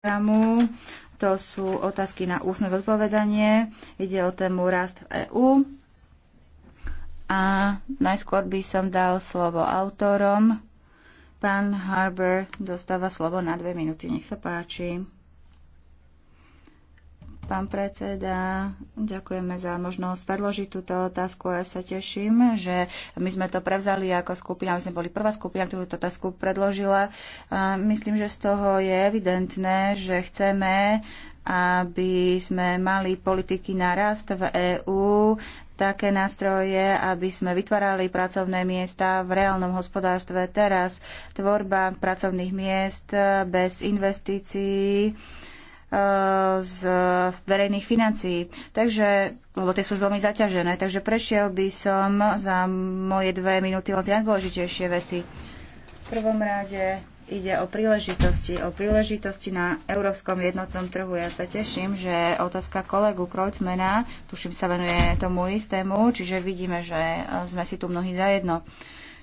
programu. To sú otázky na ústne zodpovedanie. Ide o tému rast v EÚ. A najskôr by som dal slovo autorom. Pán Harber dostáva slovo na dve minúty. Nech sa páči pán predseda. Ďakujeme za možnosť predložiť túto otázku. Ja sa teším, že my sme to prevzali ako skupina. My sme boli prvá skupina, ktorú túto otázku predložila. myslím, že z toho je evidentné, že chceme, aby sme mali politiky na rast v EÚ, také nástroje, aby sme vytvárali pracovné miesta v reálnom hospodárstve teraz. Tvorba pracovných miest bez investícií Eh, z verejných financií. Takže, lebo tie sú už veľmi zaťažené, takže prešiel by som za moje dve minúty len tie najdôležitejšie veci. V prvom rade ide o príležitosti, o príležitosti na európskom jednotnom trhu. Ja sa teším, že otázka kolegu Krojcmena, tuším sa venuje tomu istému, čiže vidíme, že sme si tu mnohí zajedno. jedno.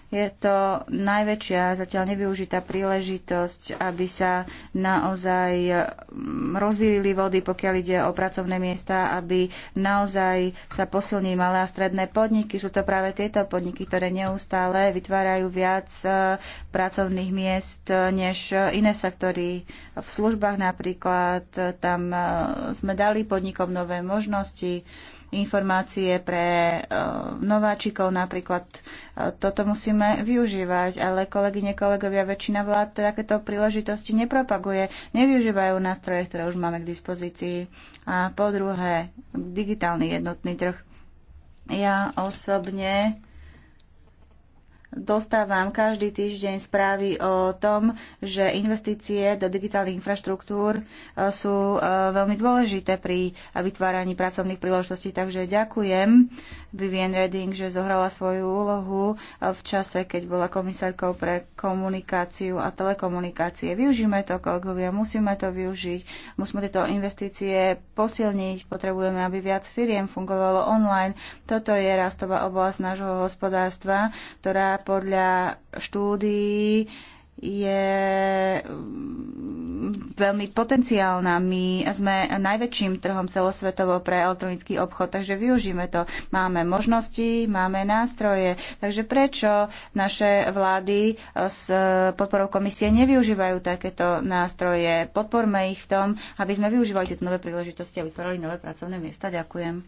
Je to najväčšia zatiaľ nevyužitá príležitosť, aby sa naozaj mm, rozvírili vody, pokiaľ ide o pracovné miesta, aby naozaj sa posilní malé a stredné podniky. Sú to práve tieto podniky, ktoré neustále vytvárajú viac e, pracovných miest e, než iné sektory. V službách napríklad e, tam sme dali podnikom nové možnosti informácie pre e, nováčikov napríklad. E, toto musíme využívať, ale kolegyne, kolegovia, väčšina vlád takéto príležitosti nepropaguje, nevyužívajú nástroje, ktoré už máme k dispozícii. A po druhé, digitálny jednotný trh. Ja osobne dostávam každý týždeň správy o tom, že investície do digitálnych infraštruktúr e, sú e, veľmi dôležité pri e, vytváraní pracovných príležitostí. Takže ďakujem Vivian Redding, že zohrala svoju úlohu v čase, keď bola komisárkou pre komunikáciu a telekomunikácie. Využíme to, kolegovia, musíme to využiť, musíme tieto investície posilniť, potrebujeme, aby viac firiem fungovalo online. Toto je rastová oblasť nášho hospodárstva, ktorá podľa štúdií je mm, veľmi potenciálna. My sme najväčším trhom celosvetovo pre elektronický obchod, takže využíme to. Máme možnosti, máme nástroje, takže prečo naše vlády e, s e, podporou komisie nevyužívajú takéto nástroje? Podporme ich v tom, aby sme využívali tieto nové príležitosti a vytvorili nové pracovné miesta. Ďakujem.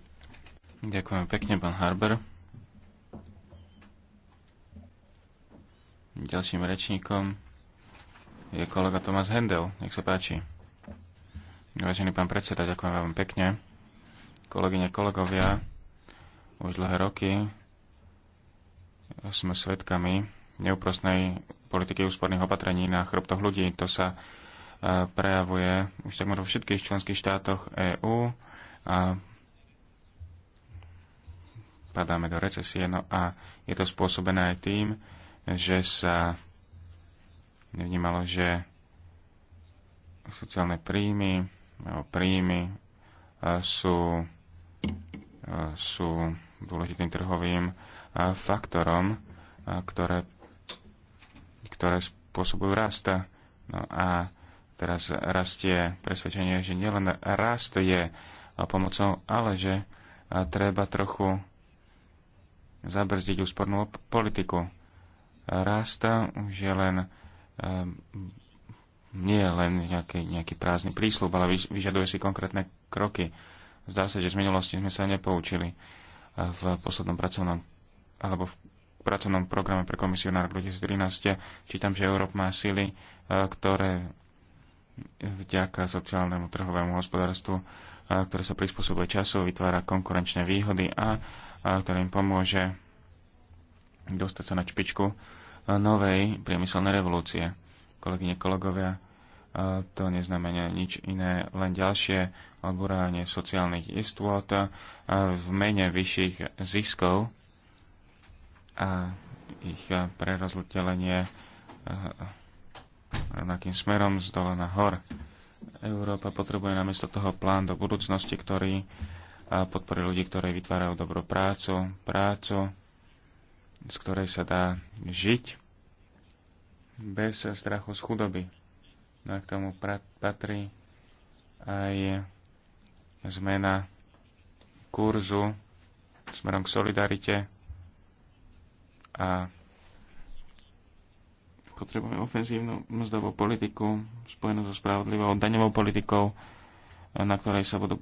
Ďakujem pekne, pán Harber. Ďalším rečníkom je kolega Tomás Hendel. Nech sa páči. Vážený pán predseda, ďakujem vám pekne. Kolegyne, kolegovia, už dlhé roky sme svedkami neúprostnej politiky úsporných opatrení na chrbtoch ľudí. To sa e, prejavuje už takmer vo všetkých členských štátoch EÚ a padáme do recesie. No a je to spôsobené aj tým, že sa nevnímalo, že sociálne príjmy alebo príjmy e, sú, e, sú dôležitým trhovým e, faktorom, ktoré, ktoré spôsobujú rast. No a teraz rastie presvedčenie, že nielen rast je pomocou, ale že treba trochu zabrzdiť úspornú politiku rast už je len ehm, nie je len nejaký, nejaký prázdny prísľub, ale vyžaduje si konkrétne kroky. Zdá sa, že z minulosti sme sa nepoučili e, v poslednom pracovnom alebo v pracovnom programe pre komisiu na rok 2013 čítam, že Európa má síly, e, ktoré vďaka sociálnemu trhovému hospodárstvu, e, ktoré sa prispôsobuje času, vytvára konkurenčné výhody a ktoré im pomôže dostať sa na špičku novej priemyselnej revolúcie. Kolegyne, kolegovia, e, to neznamená nič iné, len ďalšie odborávanie sociálnych istôt e, v mene vyšších ziskov a ich prerozlutelenie e, rovnakým smerom z dole na hor. Európa potrebuje namiesto toho plán do budúcnosti, ktorý podporí ľudí, ktorí vytvárajú dobrú prácu, prácu, z ktorej sa dá žiť bez strachu z chudoby. No a k tomu patrí aj zmena kurzu smerom k solidarite a potrebujeme ofenzívnu mzdovú politiku spojenú so spravodlivou daňovou politikou, na ktorej sa budú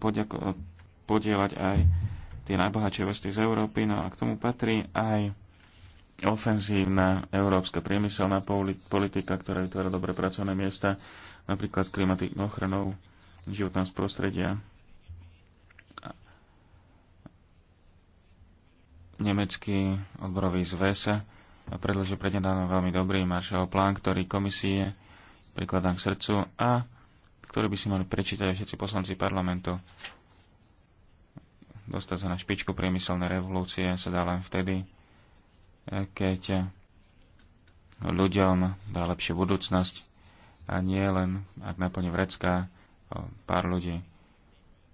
podielať aj tie najbohatšie vrsty z Európy. No a k tomu patrí aj ofenzívna európska priemyselná politika, ktorá vytvára dobré pracovné miesta, napríklad klimatickou ochranou životného prostredia. Nemecký odborový zväz predložil prednedávno veľmi dobrý maršal plán, ktorý komisie prikladám k srdcu a ktorý by si mali prečítať všetci poslanci parlamentu. Dostať sa na špičku priemyselnej revolúcie sa dá len vtedy, keď ľuďom dá lepšiu budúcnosť a nie len, ak naplne vrecká pár ľudí.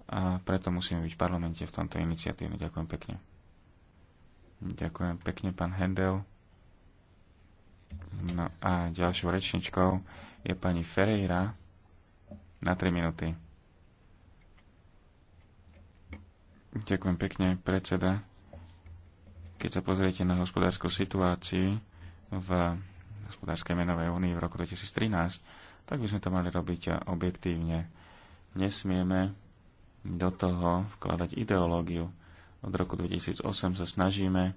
A preto musíme byť v parlamente v tomto iniciatíve. Ďakujem pekne. Ďakujem pekne, pán Hendel. No a ďalšou rečničkou je pani Ferreira na 3 minúty. Ďakujem pekne, predseda. Keď sa pozriete na hospodárskú situáciu v hospodárskej menovej únii v roku 2013, tak by sme to mali robiť objektívne. Nesmieme do toho vkladať ideológiu. Od roku 2008 sa snažíme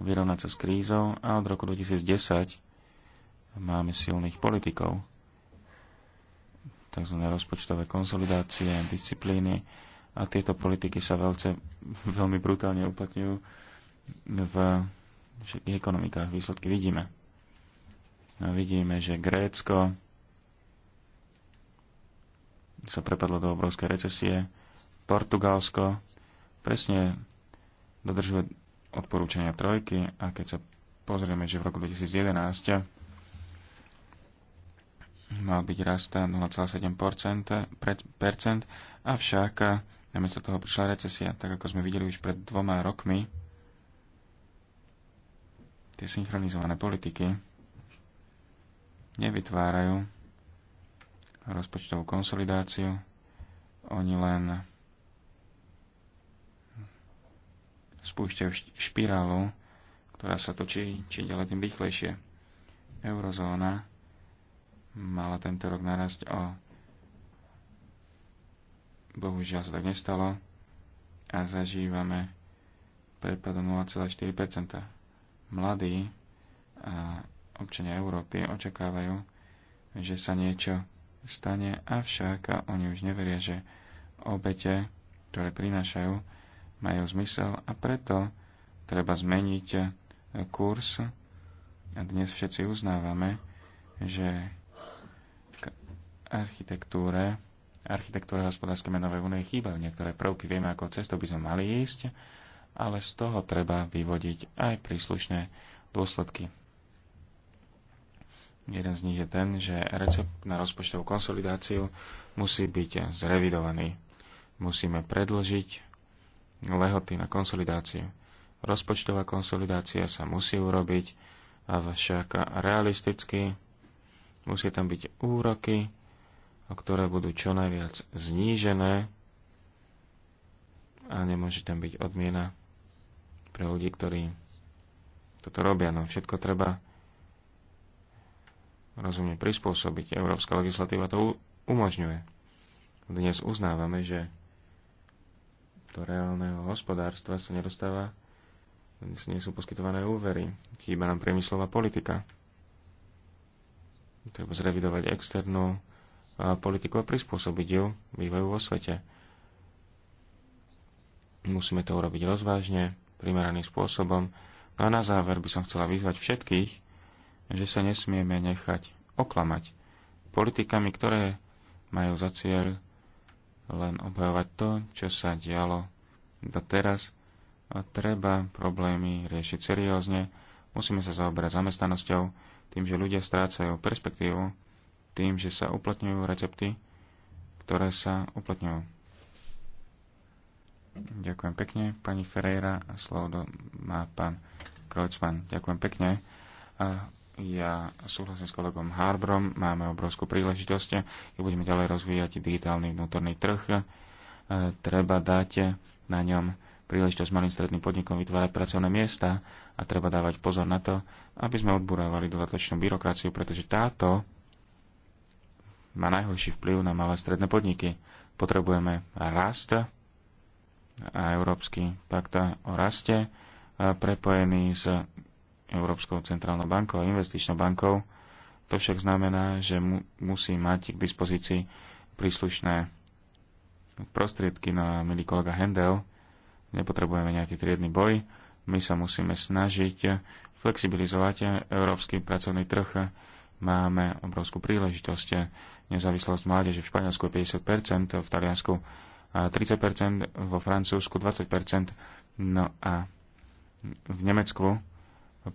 vyrovnať sa s krízou a od roku 2010 máme silných politikov. Tzv. rozpočtové konsolidácie, disciplíny a tieto politiky sa veľce, veľmi brutálne uplatňujú v všetkých ekonomikách. Výsledky vidíme. No, vidíme, že Grécko sa prepadlo do obrovskej recesie, Portugalsko presne dodržuje odporúčania trojky a keď sa pozrieme, že v roku 2011 mal byť rast 0,7%, avšak namiesto toho prišla recesia, tak ako sme videli už pred dvoma rokmi, tie synchronizované politiky nevytvárajú rozpočtovú konsolidáciu, oni len spúšťajú špirálu, ktorá sa točí či ďalej tým rýchlejšie. Eurozóna mala tento rok narazť o bohužiaľ sa tak nestalo a zažívame prepad o 0,4% mladí a občania Európy očakávajú, že sa niečo stane, avšak oni už neveria, že obete, ktoré prinášajú, majú zmysel a preto treba zmeniť kurz. A dnes všetci uznávame, že k architektúre, architektúre hospodárskej menovej únie chýbajú niektoré prvky. Vieme, ako cestou by sme mali ísť, ale z toho treba vyvodiť aj príslušné dôsledky. Jeden z nich je ten, že recept na rozpočtovú konsolidáciu musí byť zrevidovaný. Musíme predlžiť lehoty na konsolidáciu. Rozpočtová konsolidácia sa musí urobiť, avšak realisticky musí tam byť úroky, ktoré budú čo najviac znížené a nemôže tam byť odmiena pre ľudí, ktorí toto robia. No všetko treba rozumne prispôsobiť. Európska legislatíva to umožňuje. Dnes uznávame, že do reálneho hospodárstva sa nedostáva, dnes nie sú poskytované úvery. Chýba nám priemyslová politika. Treba zrevidovať externú politiku a prispôsobiť ju vývoju vo svete. Musíme to urobiť rozvážne, primeraným spôsobom. No a na záver by som chcela vyzvať všetkých, že sa nesmieme nechať oklamať politikami, ktoré majú za cieľ len obhajovať to, čo sa dialo doteraz. A treba problémy riešiť seriózne, musíme sa zaoberať zamestnanosťou, tým, že ľudia strácajú perspektívu, tým, že sa uplatňujú recepty, ktoré sa uplatňujú Ďakujem pekne. Pani Ferreira, slovo má pán Krojcman. Ďakujem pekne. Ja súhlasím s kolegom Harbrom, máme obrovskú príležitosť a budeme ďalej rozvíjať digitálny vnútorný trh. Treba dať na ňom príležitosť malým stredným podnikom vytvárať pracovné miesta a treba dávať pozor na to, aby sme odburávali dodatočnú byrokraciu, pretože táto má najhorší vplyv na malé stredné podniky. Potrebujeme rast, a Európsky pakt o raste prepojený s Európskou centrálnou bankou a investičnou bankou. To však znamená, že mu, musí mať k dispozícii príslušné prostriedky na no milý kolega Hendel. Nepotrebujeme nejaký triedny boj. My sa musíme snažiť flexibilizovať európsky pracovný trh. Máme obrovskú príležitosť. Nezávislosť mládeže v Španielsku je 50%, v Taliansku 30%, vo Francúzsku 20%, no a v Nemecku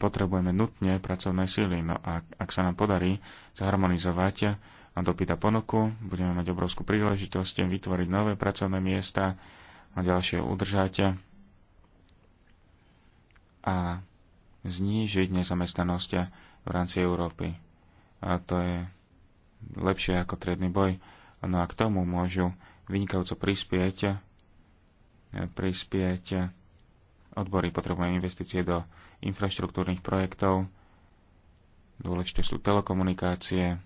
potrebujeme nutne pracovné síly. No a ak sa nám podarí zharmonizovať a dopýta ponuku, budeme mať obrovskú príležitosť vytvoriť nové pracovné miesta a ďalšie udržať a znížiť nezamestnanosť v rámci Európy. A to je lepšie ako triedny boj. No a k tomu môžu vynikajúco prispieť, e, prispieť odbory. Potrebujeme investície do infraštruktúrnych projektov. Dôležité sú telekomunikácie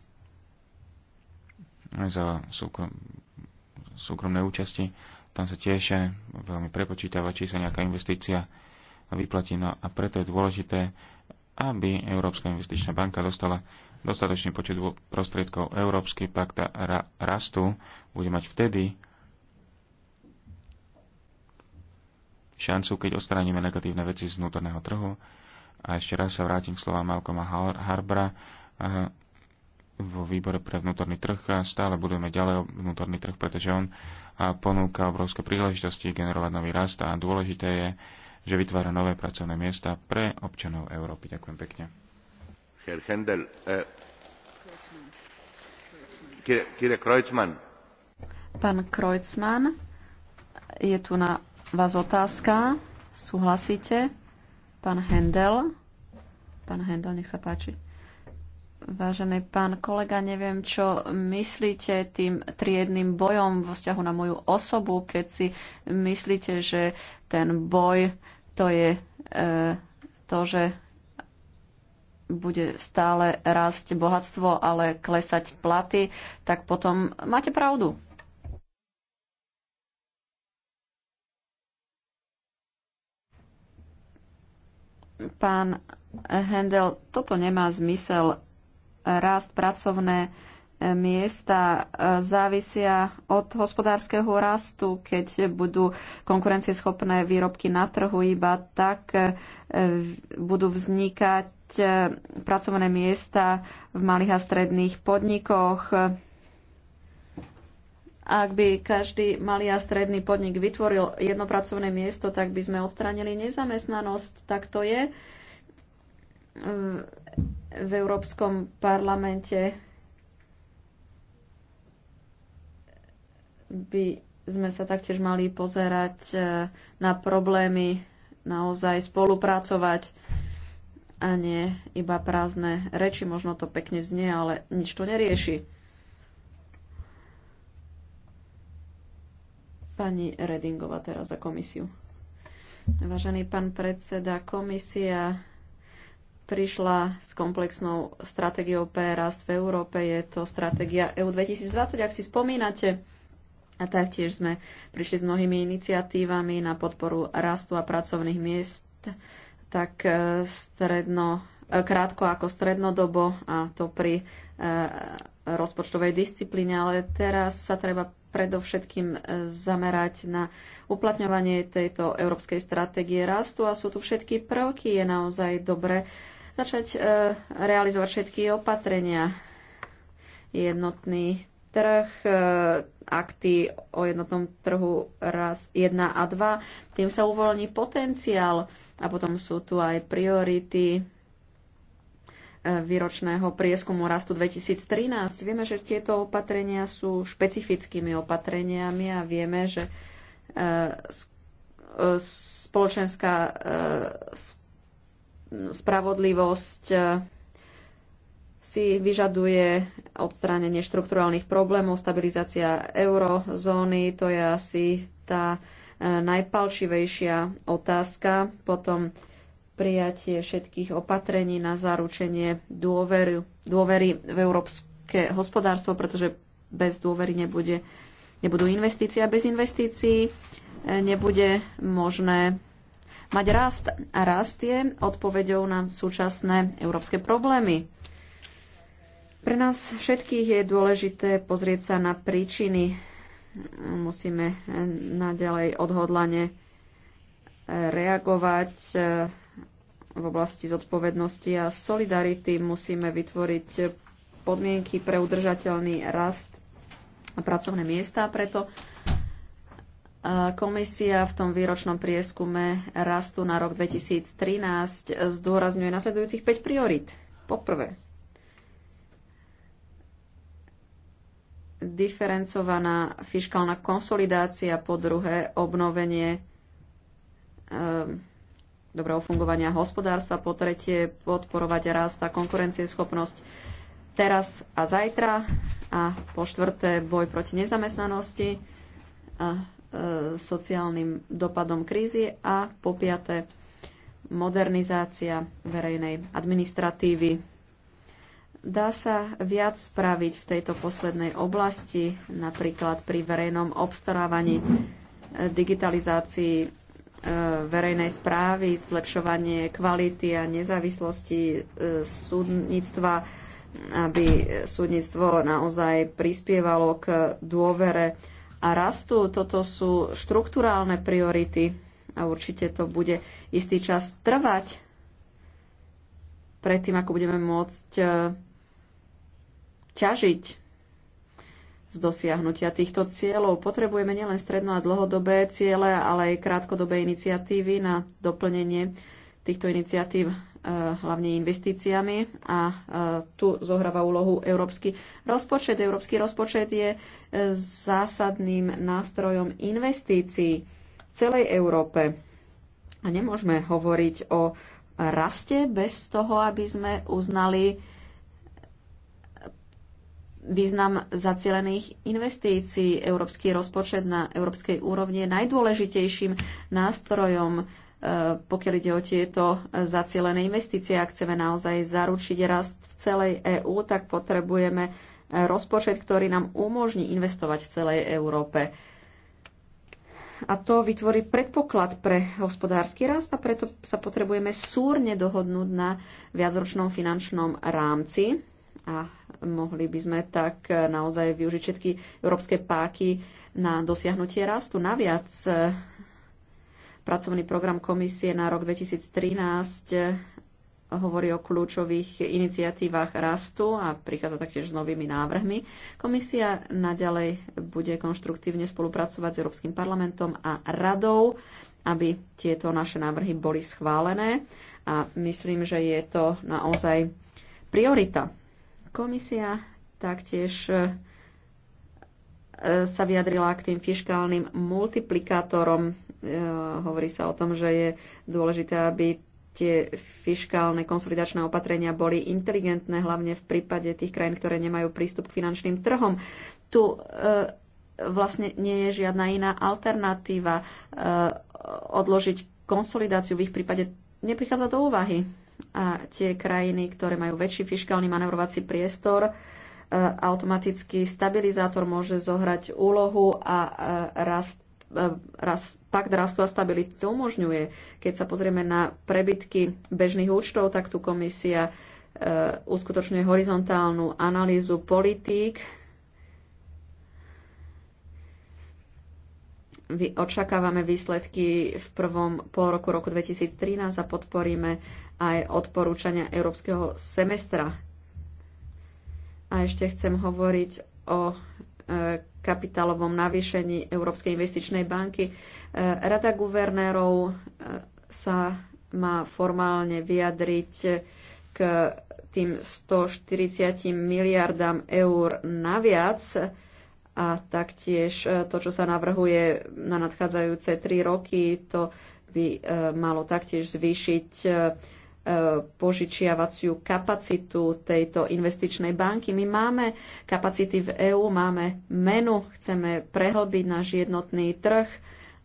za súkrom, súkromné účasti. Tam sa tiež e, veľmi prepočítava, či sa nejaká investícia vyplatí. No a preto je dôležité, aby Európska investičná banka dostala dostatočný počet prostriedkov Európsky pakt ra- rastu bude mať vtedy šancu, keď odstraníme negatívne veci z vnútorného trhu. A ešte raz sa vrátim k slovám Malcolma Harbra. Vo výbore pre vnútorný trh a stále budujeme ďalej vnútorný trh, pretože on ponúka obrovské príležitosti generovať nový rast a dôležité je, že vytvára nové pracovné miesta pre občanov Európy. Ďakujem pekne. Pán äh, Kreutzmann, je tu na vás otázka. Súhlasíte? Pán Hendel. Pán Hendel, nech sa páči. Vážený pán kolega, neviem, čo myslíte tým triedným bojom vo vzťahu na moju osobu, keď si myslíte, že ten boj to je e, to, že bude stále rásť bohatstvo, ale klesať platy, tak potom máte pravdu. Pán Hendel, toto nemá zmysel. Rast pracovné e, miesta e, závisia od hospodárskeho rastu, keď budú konkurencieschopné výrobky na trhu, iba tak e, budú vznikať E, pracovné miesta v malých a stredných podnikoch. Ak by každý malý a stredný podnik vytvoril jedno pracovné miesto, tak by sme odstránili nezamestnanosť. Tak to je e, v Európskom parlamente by sme sa taktiež mali pozerať e, na problémy, naozaj spolupracovať a nie iba prázdne reči. Možno to pekne znie, ale nič to nerieši. Pani Redingova teraz za komisiu. Vážený pán predseda, komisia prišla s komplexnou stratégiou pre rast v Európe. Je to stratégia EU 2020, ak si spomínate. A taktiež sme prišli s mnohými iniciatívami na podporu rastu a pracovných miest tak e, stredno, e, krátko ako strednodobo a to pri e, rozpočtovej disciplíne, ale teraz sa treba predovšetkým zamerať na uplatňovanie tejto európskej stratégie rastu a sú tu všetky prvky. Je naozaj dobre začať realizovať všetky opatrenia. Jednotný trh, e, akty o jednotnom trhu raz 1 a 2. Tým sa uvoľní potenciál a potom sú tu aj priority e, výročného prieskumu rastu 2013. Vieme, že tieto opatrenia sú špecifickými opatreniami a vieme, že e, spoločenská spravodlivosť si vyžaduje odstránenie štrukturálnych problémov, stabilizácia eurozóny, to je asi tá e, najpalčivejšia otázka, potom prijatie všetkých opatrení na zaručenie dôvery, dôvery v európske hospodárstvo, pretože bez dôvery nebude, nebudú investície a bez investícií e, nebude možné mať rast. A rast je odpoveďou na súčasné európske problémy pre nás všetkých je dôležité pozrieť sa na príčiny. Musíme naďalej odhodlane reagovať e, v oblasti zodpovednosti a solidarity. Musíme vytvoriť podmienky pre udržateľný rast a pracovné miesta. Preto e, komisia v tom výročnom prieskume rastu na rok 2013 zdôrazňuje nasledujúcich 5 priorit. Poprvé, diferencovaná fiskálna konsolidácia, po druhé obnovenie ehm, dobrého fungovania hospodárstva, po tretie podporovať rast a konkurencieschopnosť teraz a zajtra a po štvrté boj proti nezamestnanosti a e, sociálnym dopadom krízy a po piaté modernizácia verejnej administratívy Dá sa viac spraviť v tejto poslednej oblasti, napríklad pri verejnom obstarávaní, eh, digitalizácii eh, verejnej správy, zlepšovanie kvality a nezávislosti eh, súdnictva, aby súdnictvo naozaj prispievalo k dôvere a rastu. Toto sú štruktúrálne priority a určite to bude istý čas trvať predtým, ako budeme môcť ťažiť z dosiahnutia týchto cieľov. Potrebujeme nielen stredno a dlhodobé ciele, ale aj krátkodobé iniciatívy na doplnenie týchto iniciatív eh, hlavne investíciami a eh, tu zohráva úlohu európsky rozpočet. Európsky rozpočet je eh, zásadným nástrojom investícií v celej Európe. A nemôžeme hovoriť o raste bez toho, aby sme uznali význam zacielených investícií. Európsky rozpočet na európskej úrovni je najdôležitejším nástrojom, e, pokiaľ ide o tieto zacielené investície. Ak chceme naozaj zaručiť rast v celej EÚ, tak potrebujeme rozpočet, ktorý nám umožní investovať v celej Európe. A to vytvorí predpoklad pre hospodársky rast a preto sa potrebujeme súrne dohodnúť na viacročnom finančnom rámci, a mohli by sme tak naozaj využiť všetky európske páky na dosiahnutie rastu. Naviac e, pracovný program komisie na rok 2013 e, hovorí o kľúčových iniciatívach rastu a prichádza taktiež s novými návrhmi. Komisia naďalej bude konštruktívne spolupracovať s Európskym parlamentom a radou, aby tieto naše návrhy boli schválené. A myslím, že je to naozaj priorita Komisia taktiež e, sa vyjadrila k tým fiskálnym multiplikátorom. E, hovorí sa o tom, že je dôležité, aby tie fiskálne konsolidačné opatrenia boli inteligentné, hlavne v prípade tých krajín, ktoré nemajú prístup k finančným trhom. Tu e, vlastne nie je žiadna iná alternatíva odložiť konsolidáciu v ich prípade neprichádza do úvahy a tie krajiny, ktoré majú väčší fiskálny manevrovací priestor, e, automatický stabilizátor môže zohrať úlohu a e, rast e, rast, pakt rastu a stability to umožňuje. Keď sa pozrieme na prebytky bežných účtov, tak tu komisia uskutočňuje horizontálnu analýzu politík očakávame výsledky v prvom pol roku roku 2013 a podporíme aj odporúčania Európskeho semestra. A ešte chcem hovoriť o e, kapitálovom navýšení Európskej investičnej banky. E, Rada guvernérov e, sa má formálne vyjadriť k tým 140 miliardám eur naviac, a taktiež e, to, čo sa navrhuje na nadchádzajúce tri roky, to by e, malo taktiež zvýšiť e, požičiavaciu kapacitu tejto investičnej banky. My máme kapacity v EÚ, máme menu, chceme prehlbiť náš jednotný trh,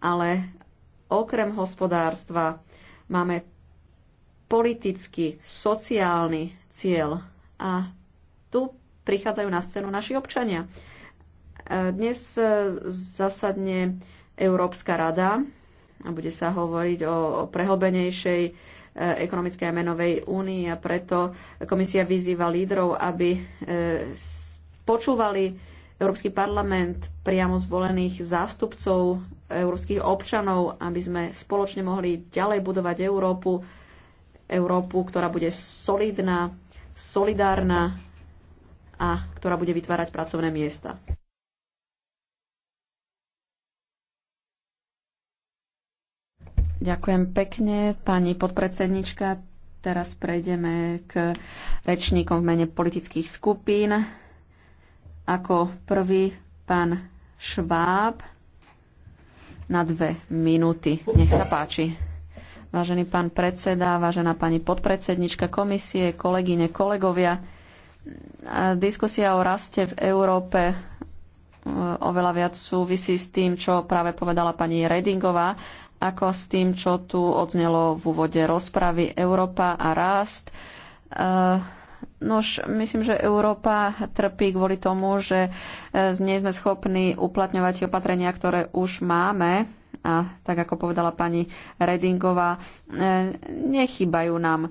ale okrem hospodárstva máme politický, sociálny cieľ a tu prichádzajú na scénu naši občania dnes e, zasadne Európska rada a bude sa hovoriť o prehlbenejšej e, ekonomickej a menovej únii a preto komisia vyzýva lídrov, aby e, počúvali Európsky parlament priamo zvolených zástupcov európskych občanov, aby sme spoločne mohli ďalej budovať Európu, Európu, ktorá bude solidná, solidárna a ktorá bude vytvárať pracovné miesta. Ďakujem pekne, pani podpredsednička. Teraz prejdeme k rečníkom v mene politických skupín. Ako prvý pán Šváb na dve minúty. Nech sa páči. Vážený pán predseda, vážená pani podpredsednička komisie, kolegyne, kolegovia, diskusia o raste v Európe e, oveľa viac súvisí s tým, čo práve povedala pani Redingová ako s tým, čo tu odznelo v úvode rozpravy Európa a rást. Eh, nož, myslím, že Európa trpí kvôli tomu, že eh, nie sme schopní uplatňovať opatrenia, ktoré už máme. A tak ako povedala pani Redingová, eh, nechybajú nám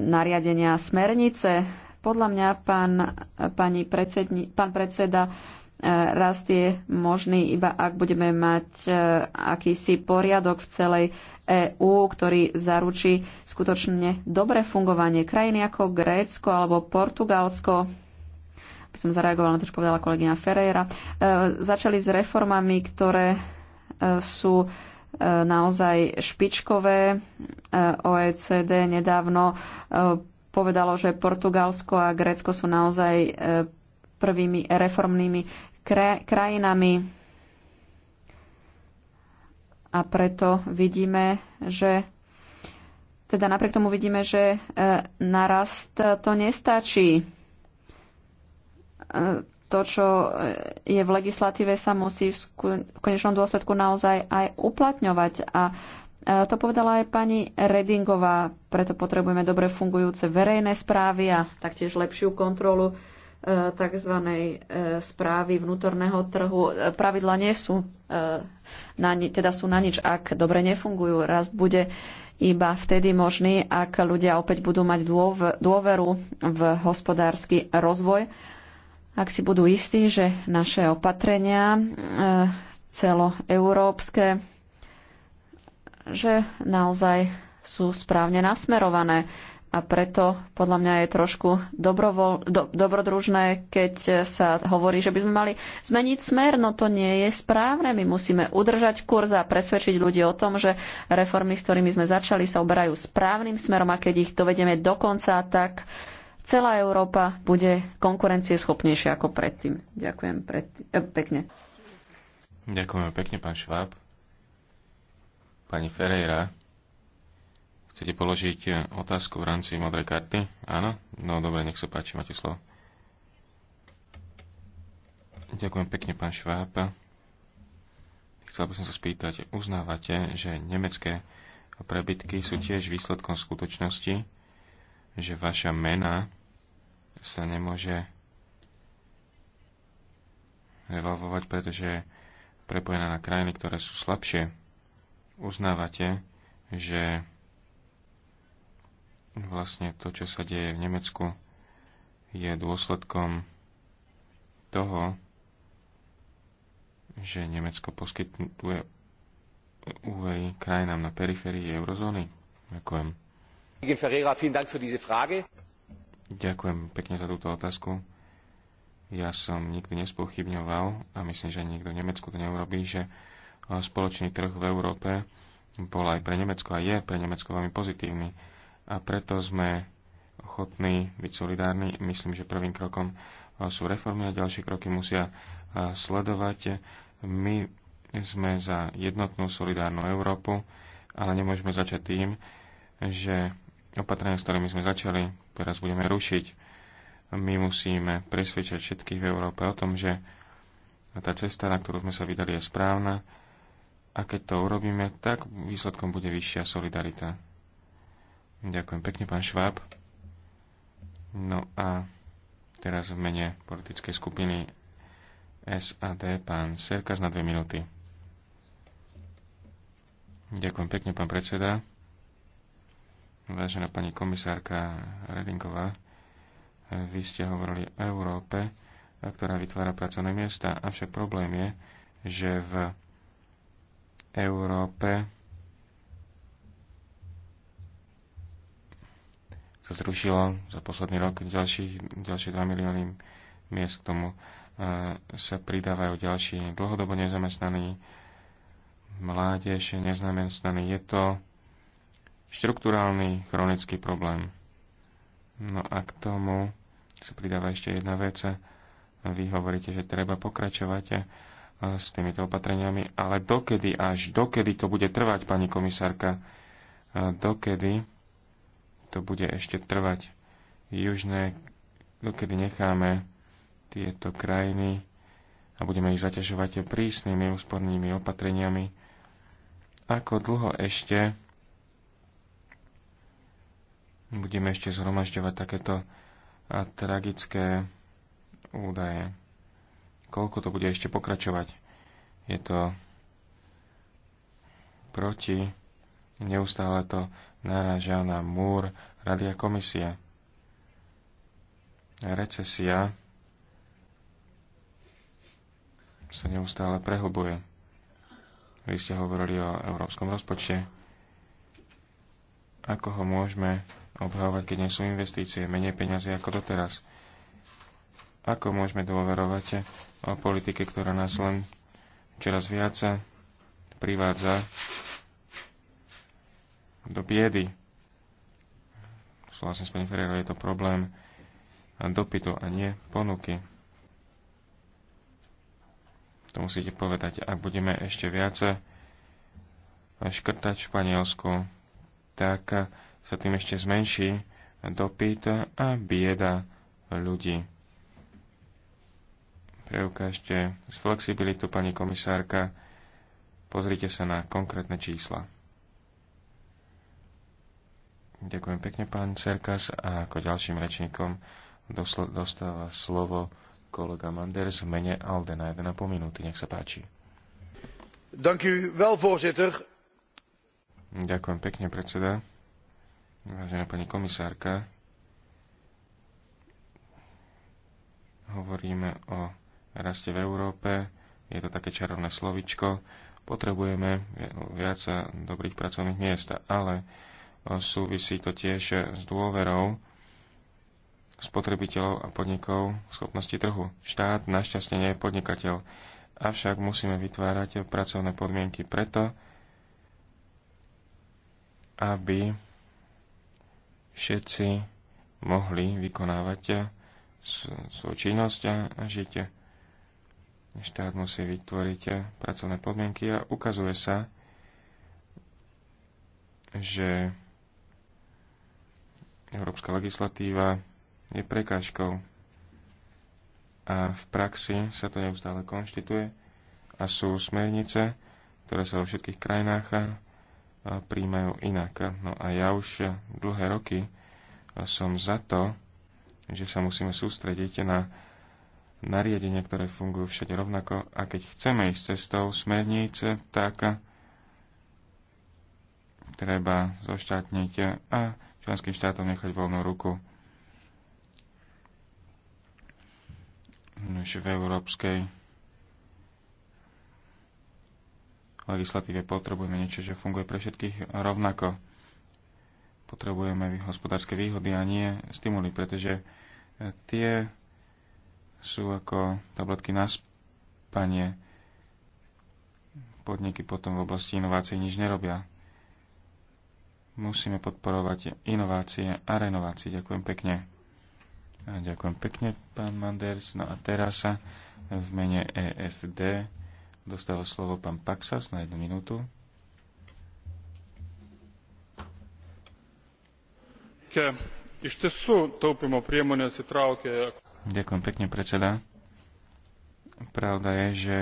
nariadenia smernice. Podľa mňa pán, pani predsedni, pán predseda rast je možný iba ak budeme mať e, akýsi poriadok v celej EÚ, ktorý zaručí skutočne dobré fungovanie krajiny ako Grécko alebo Portugalsko by som zareagovala na to, čo povedala kolegyňa Ferreira, e, začali s reformami, ktoré e, sú naozaj špičkové. OECD nedávno povedalo, že Portugalsko a Grécko sú naozaj prvými reformnými krajinami. A preto vidíme, že teda napriek tomu vidíme, že e, narast to nestačí. E, to, čo e, je v legislatíve, sa musí v konečnom dôsledku naozaj aj uplatňovať. A to povedala aj pani Redingová, preto potrebujeme dobre fungujúce verejné správy a taktiež lepšiu kontrolu E, tzv. E, správy vnútorného trhu. E, pravidla nie sú, na, teda sú na nič, ak dobre nefungujú. Rast bude iba vtedy možný, ak ľudia opäť budú mať dôveru v hospodársky rozvoj, ak si budú istí, že naše opatrenia celoeurópske, že naozaj sú správne nasmerované a preto podľa mňa je trošku dobrovoľ, do, dobrodružné, keď sa hovorí, že by sme mali zmeniť smer, no to nie je správne. My musíme udržať kurz a presvedčiť ľudí o tom, že reformy, s ktorými sme začali, sa uberajú správnym smerom a keď ich dovedeme do konca, tak celá Európa bude konkurencieschopnejšia ako predtým. Ďakujem predtým, e, eh, pekne. Ďakujeme pekne, pán Šváb. Pani Ferreira. Chcete položiť e, otázku v rámci modrej karty? Áno? No dobre, nech sa páči, máte slovo. Ďakujem pekne, pán Šváb. Chcel by som sa spýtať, uznávate, že nemecké prebytky sú tiež výsledkom skutočnosti, že vaša mena sa nemôže revalvovať, pretože je prepojená na krajiny, ktoré sú slabšie. Uznávate, že Vlastne to, čo sa deje v Nemecku, je dôsledkom toho, že Nemecko poskytuje úvery krajinám na periférii eurozóny. Ďakujem. Ďakujem pekne za túto otázku. Ja som nikdy nespochybňoval a myslím, že nikto v Nemecku to neurobí, že spoločný trh v Európe bol aj pre Nemecko a je pre Nemecko veľmi pozitívny a preto sme ochotní byť solidárni. Myslím, že prvým krokom e, sú reformy a ďalšie kroky musia e, sledovať. My sme za jednotnú solidárnu Európu, ale nemôžeme začať tým, že opatrenia, s ktorými sme začali, teraz budeme rušiť. My musíme presvedčať všetkých v Európe o tom, že tá cesta, na ktorú sme sa vydali, je správna a keď to urobíme, tak výsledkom bude vyššia solidarita. Ďakujem pekne, pán Šváb. No a teraz v mene politickej skupiny SAD pán Serkas na dve minúty. Ďakujem pekne, pán predseda. Vážená pani komisárka Redinková, vy ste hovorili o Európe, ktorá vytvára pracovné miesta, avšak problém je, že v Európe sa zrušilo za posledný rok. Ďalších, ďalšie 2 milióny miest k tomu e, sa pridávajú ďalší dlhodobo nezamestnaní, mládež, nezamestnaní. Je to štruktúrálny chronický problém. No a k tomu sa pridáva ešte jedna vec. Vy hovoríte, že treba pokračovať e, s týmito opatreniami, ale dokedy až, dokedy to bude trvať, pani komisárka, e, dokedy to bude ešte trvať. Južné, dokedy no necháme tieto krajiny a budeme ich zaťažovať prísnymi úspornými opatreniami, ako dlho ešte budeme ešte zhromažďovať takéto tragické údaje. Koľko to bude ešte pokračovať? Je to proti, neustále to naráža na múr radia Komisia. komisie. Recesia sa neustále prehlbuje. Vy ste hovorili o európskom rozpočte. Ako ho môžeme obhávať, keď nie sú investície, menej peniazy ako doteraz? Ako môžeme dôverovať o politike, ktorá nás len čoraz viac privádza do biedy. Súhlasím s pani Ferrero, je to problém dopytu a nie ponuky. To musíte povedať. Ak budeme ešte viacej škrtať v Španielsku, tak sa tým ešte zmenší dopyt a bieda ľudí. Preukážte flexibilitu, pani komisárka. Pozrite sa na konkrétne čísla. Ďakujem pekne, pán Cerkas. A ako ďalším rečníkom dostáva slovo kolega Manders v mene Alde na 1,5 minúty. Nech sa páči. Dank u wel, voorzitter. Ďakujem pekne, predseda. Vážená pani komisárka, hovoríme o raste v Európe, je to také čarovné slovičko, potrebujeme viac dobrých pracovných miest, ale súvisí to tiež s dôverou spotrebiteľov a podnikov v schopnosti trhu. Štát našťastne nie je podnikateľ, avšak musíme vytvárať pracovné podmienky preto, aby všetci mohli vykonávať svoju činnosť a žiť. Štát musí vytvoriť pracovné podmienky a ukazuje sa, že Európska legislatíva je prekážkou a v praxi sa to neustále konštituje a sú smernice, ktoré sa vo všetkých krajinách príjmajú inak. No a ja už dlhé roky som za to, že sa musíme sústrediť na nariadenia, ktoré fungujú všade rovnako a keď chceme ísť cestou smernice, tak treba zoštátniť a členským štátom nechať voľnú ruku. No už v európskej legislatíve potrebujeme niečo, že funguje pre všetkých rovnako. Potrebujeme hospodárske výhody a nie stimuly, pretože tie sú ako tabletky na spanie. Podniky potom v oblasti inovácií nič nerobia musíme podporovať inovácie a renovácie. Ďakujem pekne. A ďakujem pekne, pán Manders. No a teraz sa v mene EFD dostáva slovo pán Paxas na jednu minútu. Ďakujem pekne, predseda. Pravda je, že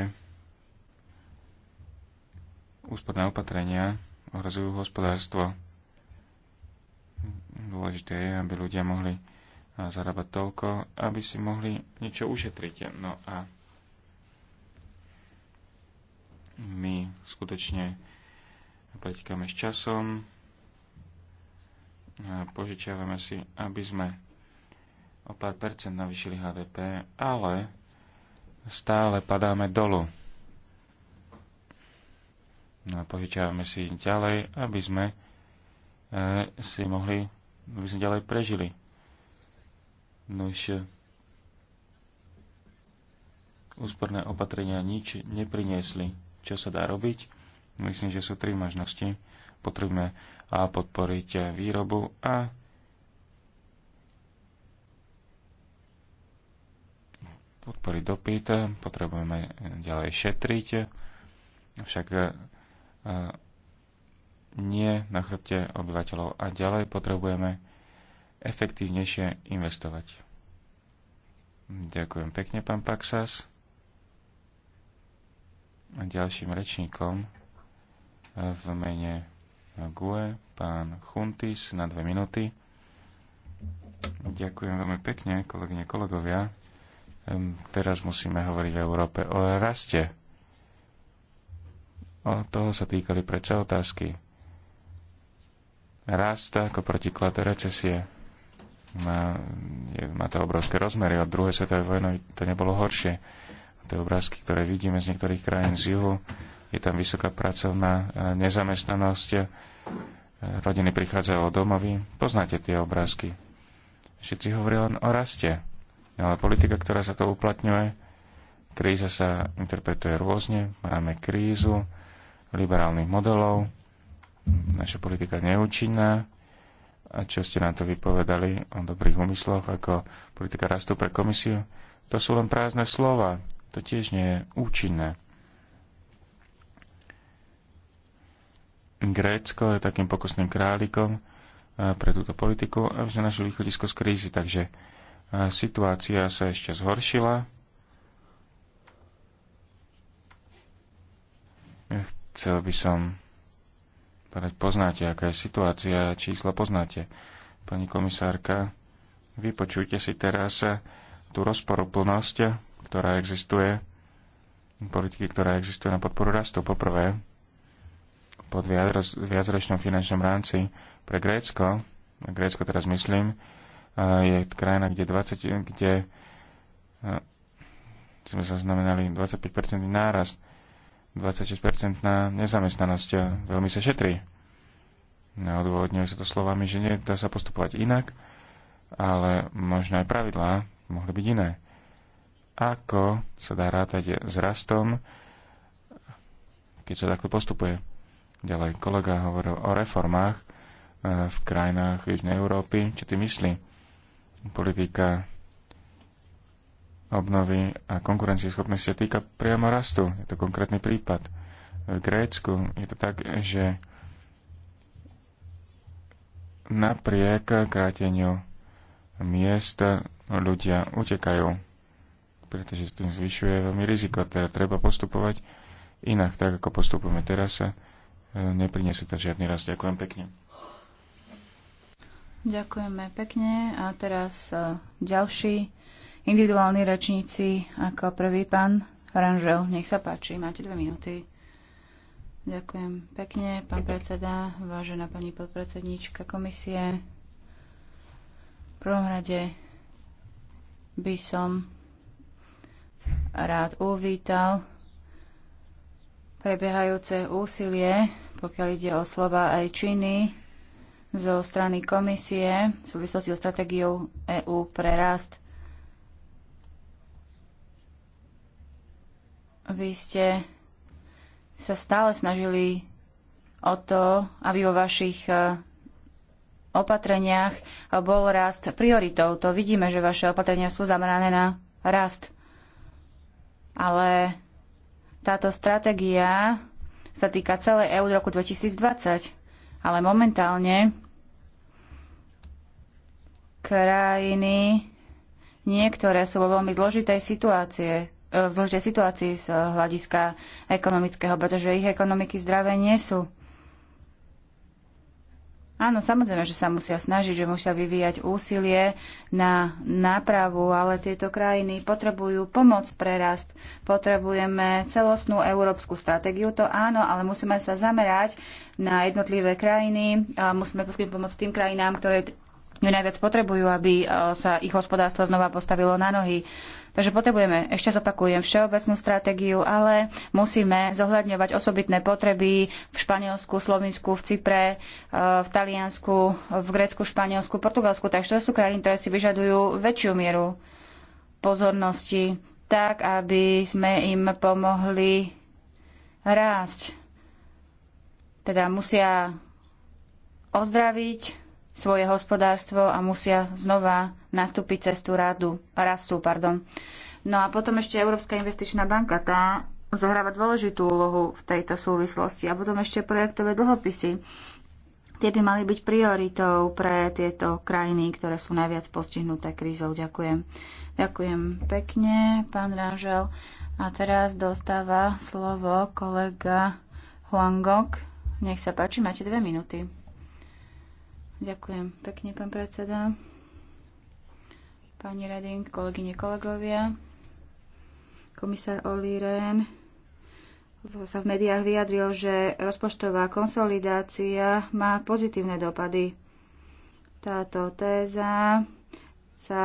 úsporné opatrenia ohrozujú hospodárstvo. Dôležité je, aby ľudia mohli eh, zarábať toľko, aby si mohli niečo ušetriť. No a my skutočne pretekáme s časom a požičiavame si, aby sme o pár percent navýšili HDP, ale stále padáme dolu. No a požičiavame si ďalej, aby sme eh, si mohli aby sme ďalej prežili. Nož e, úsporné opatrenia nič nepriniesli. Čo sa dá robiť? Myslím, že sú tri možnosti. Potrebujeme a podporiť výrobu a podporiť dopyt, potrebujeme ďalej šetriť, však e, nie na chrbte obyvateľov. A ďalej potrebujeme efektívnejšie investovať. Ďakujem pekne, pán Paxas. A ďalším rečníkom v mene GUE, pán Chuntis, na dve minúty. Ďakujem veľmi pekne, kolegyne, kolegovia. Teraz musíme hovoriť v Európe o raste. O toho sa týkali predsa otázky rast ako protiklad recesie. Má, je, má to obrovské rozmery. Od druhej svetovej vojny to nebolo horšie. Tie obrázky, ktoré vidíme z niektorých krajín z juhu, je tam vysoká pracovná e, nezamestnanosť, e, rodiny prichádzajú o domovy. Poznáte tie obrázky. Všetci hovoria len o raste, ale politika, ktorá sa to uplatňuje, kríza sa interpretuje rôzne. Máme krízu liberálnych modelov, naša politika neúčinná a čo ste nám to vypovedali o dobrých úmysloch ako politika rastu pre komisiu, to sú len prázdne slova. To tiež nie je účinné. Grécko je takým pokusným králikom eh, pre túto politiku, a už našli východisko z krízy. Takže eh, situácia sa ešte zhoršila. Chcel by som ktoré poznáte, aká je situácia, čísla poznáte. Pani komisárka, vypočujte si teraz tú rozporuplnosť, ktorá existuje, politiky, ktorá existuje na podporu rastu. Poprvé, pod viacročnom finančnom rámci pre Grécko, Grécko teraz myslím, je krajina, kde, 20, kde sme zaznamenali 25% nárast 26-percentná nezamestnanosť. Veľmi sa šetrí. No, odôvodňuje sa to slovami, že nie, dá sa postupovať inak, ale možno aj pravidlá mohli byť iné. Ako sa dá rátať s rastom, keď sa takto postupuje? Ďalej kolega hovoril o reformách eh, v krajinách Južnej Európy. Čo ty myslí? Politika obnovy a konkurencieschopnosti sa týka priamo rastu. Je to konkrétny prípad. V Grécku je to tak, že napriek kráteniu miest ľudia utekajú, pretože s tým zvyšuje veľmi riziko. Teda treba postupovať inak, tak ako postupujeme teraz. Nepriniesie to žiadny rast. Ďakujem pekne. Ďakujeme pekne. A teraz eh, ďalší individuálni rečníci, ako prvý pán Ranžel. Nech sa páči, máte dve minúty. Ďakujem pekne, pán predseda, vážená pani podpredsedníčka komisie. V prvom rade by som rád uvítal prebiehajúce úsilie, pokiaľ ide o slova aj činy zo strany komisie v súvislosti so stratégiou EÚ pre rast. Vy ste sa stále snažili o to, aby vo vašich e, opatreniach e, bol rast prioritou. To vidíme, že vaše opatrenia sú zamerané na rast. Ale táto stratégia sa týka celej EU roku 2020. Ale momentálne krajiny, niektoré sú vo veľmi zložitej situácie, E, v zložitej situácii z hľadiska ekonomického, pretože ich ekonomiky zdravé nie sú. Áno, samozrejme, že sa musia snažiť, že musia vyvíjať úsilie na nápravu, ale tieto krajiny potrebujú pomoc pre rast. Potrebujeme celostnú európsku stratégiu, to áno, ale musíme sa zamerať na jednotlivé krajiny, musíme poskytnúť pomoc tým krajinám, ktoré ju najviac potrebujú, aby e, sa ich hospodárstvo znova postavilo na nohy. Takže potrebujeme, ešte zopakujem, všeobecnú stratégiu, ale musíme zohľadňovať osobitné potreby v Španielsku, Slovensku, v Cypre, e, v Taliansku, v Grécku, Španielsku, Portugalsku. Takže to sú krajiny, ktoré si vyžadujú väčšiu mieru pozornosti, tak aby sme im pomohli rásť. Teda musia ozdraviť svoje hospodárstvo a musia znova nastúpiť cestu rádu, rastu. Pardon. No a potom ešte Európska investičná banka, tá zohráva dôležitú úlohu v tejto súvislosti. A potom ešte projektové dlhopisy. Tie by mali byť prioritou pre tieto krajiny, ktoré sú najviac postihnuté krízou. Ďakujem. Ďakujem pekne, pán Ranžel. A teraz dostáva slovo kolega Huangok. Nech sa páči, máte dve minúty. Ďakujem pekne, pán predseda. Pani Radin, kolegyne, kolegovia, komisár Oli Rehn sa v médiách vyjadril, že rozpočtová konsolidácia má pozitívne dopady. Táto téza sa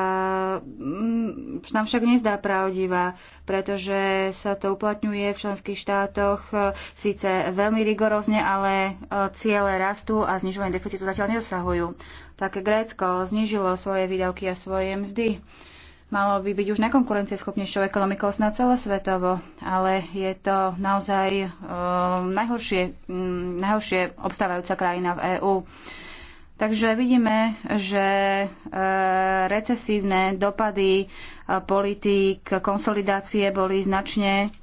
mm, nám však nezdá pravdivá, pretože sa to uplatňuje v členských štátoch e, síce veľmi rigorózne, ale e, ciele rastú a znižovanie deficitu zatiaľ nedosahujú. Tak Grécko znižilo svoje výdavky a svoje mzdy. Malo by byť už nekonkurencieschopnejšou ekonomikou na celosvetovo, ale je to naozaj uh, najhoršie, um, najhoršie obstávajúca krajina v EÚ. Takže vidíme, že eh, recesívne dopady eh, politík konsolidácie boli značne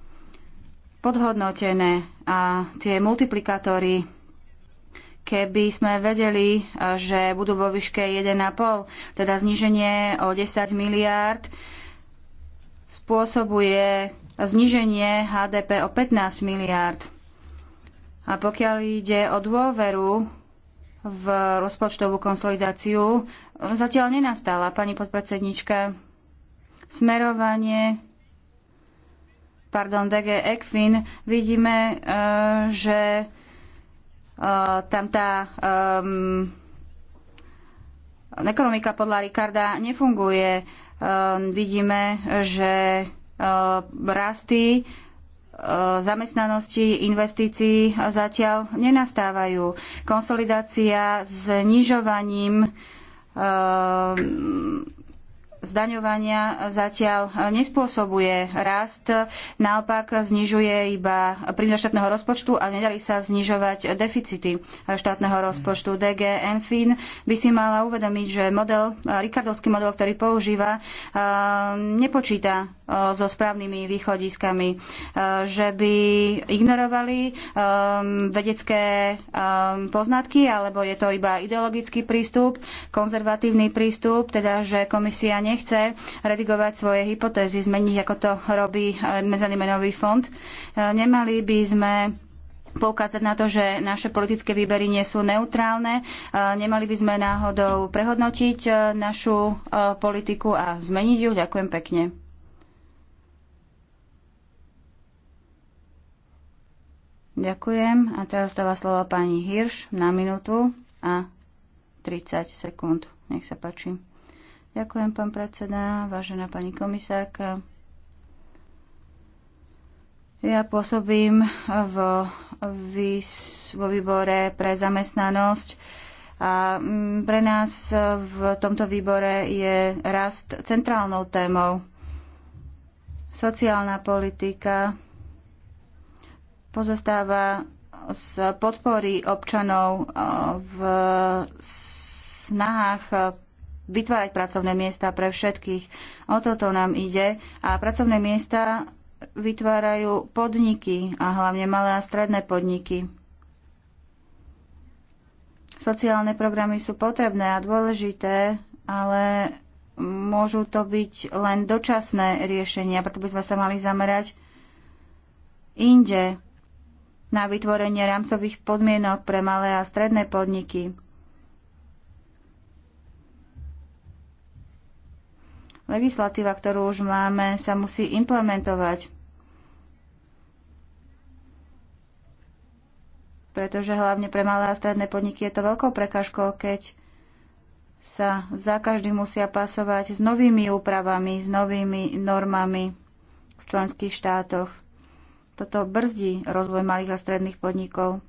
podhodnotené a tie multiplikátory, keby sme vedeli, eh, že budú vo výške 1,5, teda zníženie o 10 miliárd, spôsobuje zníženie HDP o 15 miliárd. A pokiaľ ide o dôveru v rozpočtovú konsolidáciu zatiaľ nenastala. Pani podpredsednička, smerovanie pardon, DG ECFIN, vidíme, e, že e, tam tá um, ekonomika podľa Ricarda nefunguje. Um, vidíme, že um, rasty Eh, zamestnanosti, investícií zatiaľ nenastávajú. Konsolidácia s znižovaním eh, zdaňovania zatiaľ nespôsobuje rast, naopak znižuje iba príjmy štátneho rozpočtu a nedali sa znižovať deficity štátneho rozpočtu. DG Enfin by si mala uvedomiť, že model, eh, Rikardovský model, ktorý používa, nepočíta Eh, so správnymi východiskami, eh, že by ignorovali eh, vedecké poznatky, alebo je to iba ideologický prístup, konzervatívny prístup, teda že komisia nechce redigovať svoje hypotézy, zmeniť, ako to robí Mezanimenový fond. Nemali by sme poukázať na to, že naše politické výbery nie sú neutrálne. Nemali by sme náhodou prehodnotiť našu politiku a zmeniť ju. Ďakujem pekne. Ďakujem. A teraz dáva slovo pani Hirš na minútu a 30 sekúnd. Nech sa páči. Ďakujem, pán predseda, vážená pani komisárka. Ja pôsobím vo, vo výbore pre zamestnanosť. A mm, pre nás v tomto výbore je rast centrálnou témou. Sociálna politika pozostáva z podpory občanov e, v snahách e, vytvárať pracovné miesta pre všetkých. O toto nám ide. A pracovné miesta vytvárajú podniky a hlavne malé a stredné podniky. Sociálne programy sú potrebné a dôležité, ale môžu to byť len dočasné riešenia, preto by sme sa mali zamerať inde na vytvorenie rámcových podmienok pre malé a stredné podniky. Legislatíva, ktorú už máme, sa musí implementovať, pretože hlavne pre malé a stredné podniky je to veľkou prekážkou, keď sa za každý musia pasovať s novými úpravami, s novými normami v členských štátoch. Toto brzdí rozvoj malých a stredných podnikov.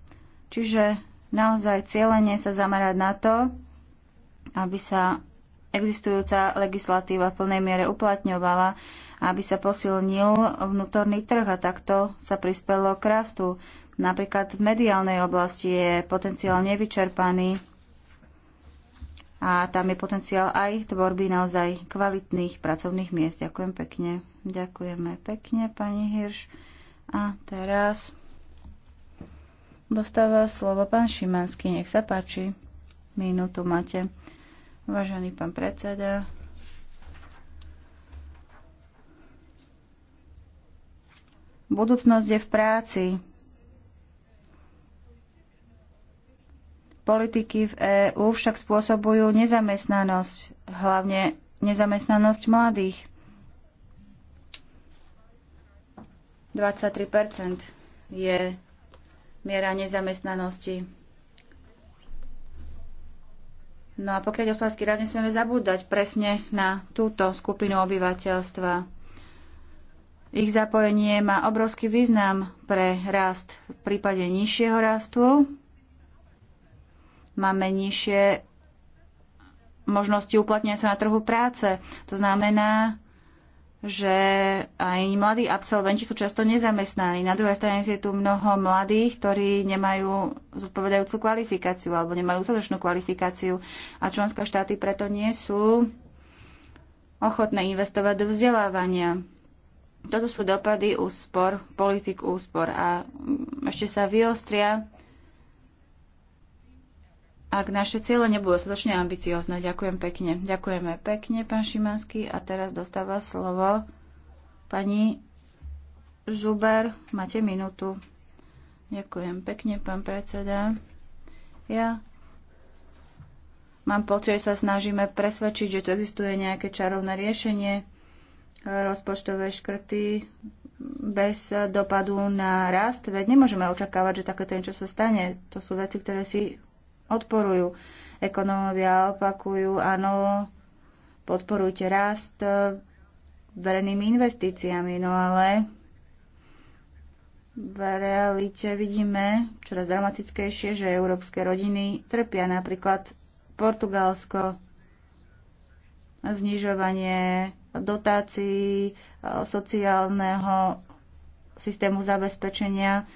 Čiže naozaj cieľenie sa zamerať na to, aby sa existujúca legislatíva v plnej miere uplatňovala, aby sa posilnil vnútorný trh a takto sa prispelo k rastu. Napríklad v mediálnej oblasti je potenciál nevyčerpaný a tam je potenciál aj tvorby naozaj kvalitných pracovných miest. Ďakujem pekne. Ďakujeme pekne, pani Hirš. A teraz dostáva slovo pán Šimanský. Nech sa páči. Minútu máte. Vážený pán predseda, Budúcnosť je v práci. Politiky v EÚ však spôsobujú nezamestnanosť, hlavne nezamestnanosť mladých. 23 je miera nezamestnanosti. No a pokiaľ hospodársky raz nesmieme zabúdať presne na túto skupinu obyvateľstva. Ich zapojenie má obrovský význam pre rast. V prípade nižšieho rastu máme nižšie možnosti uplatnenia sa na trhu práce. To znamená, že aj mladí absolventi sú často nezamestnaní. Na druhej strane je tu mnoho mladých, ktorí nemajú zodpovedajúcu kvalifikáciu alebo nemajú dostatočnú kvalifikáciu a členské štáty preto nie sú ochotné investovať do vzdelávania. Toto sú dopady úspor, politik úspor a mm, ešte sa vyostria ak naše cieľe nebudú dostatočne ambiciozne. Ďakujem pekne. Ďakujeme pekne, pán Šimanský. A teraz dostáva slovo pani Žuber. Máte minútu. Ďakujem pekne, pán predseda. Ja mám pocit, že sa snažíme presvedčiť, že tu existuje nejaké čarovné riešenie, rozpočtové škrty bez dopadu na rast, veď nemôžeme očakávať, že takéto niečo sa stane. To sú veci, ktoré si odporujú. Ekonómovia opakujú, áno, podporujte rast e, verejnými investíciami, no ale v realite vidíme čoraz dramatickejšie, že európske rodiny trpia napríklad Portugalsko, znižovanie dotácií, e, sociálneho systému zabezpečenia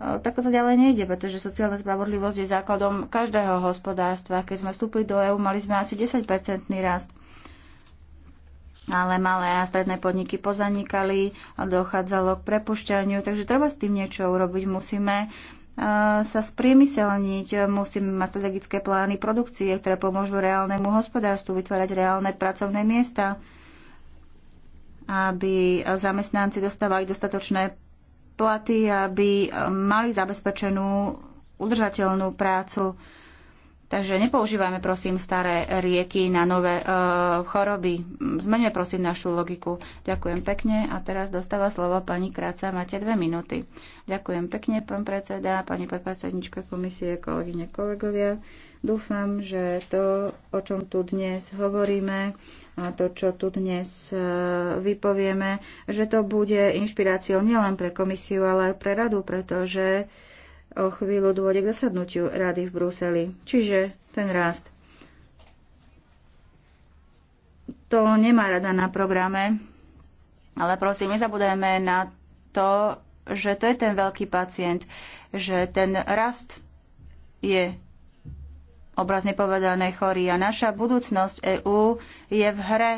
tak to ďalej nejde, pretože sociálna spravodlivosť je základom každého hospodárstva. Keď sme vstúpili do EÚ, mali sme asi 10-percentný rast. Ale malé a stredné podniky pozanikali a dochádzalo k prepušťaniu, takže treba s tým niečo urobiť. Musíme e, sa spriemyselniť, musíme mať strategické plány produkcie, ktoré pomôžu reálnemu hospodárstvu vytvárať reálne pracovné miesta, aby zamestnanci dostávali dostatočné platy, aby eh, mali zabezpečenú udržateľnú prácu. Takže nepoužívajme prosím staré rieky na nové e, choroby. Zmeňme prosím našu logiku. Ďakujem pekne a teraz dostáva slovo pani Kráca. Máte dve minúty. Ďakujem pekne, pán predseda, pani podpredsednička komisie, kolegyne, kolegovia. Dúfam, že to, o čom tu dnes hovoríme a to, čo tu dnes e, vypovieme, že to bude inšpiráciou nielen pre komisiu, ale aj pre radu, pretože o chvíľu dôjde k zasadnutiu rady v Bruseli. Čiže ten rast. To nemá rada na programe, ale prosím, nezabudajme na to, že to je ten veľký pacient, že ten rast je obrazne povedané chorí. A naša budúcnosť EÚ je v hre.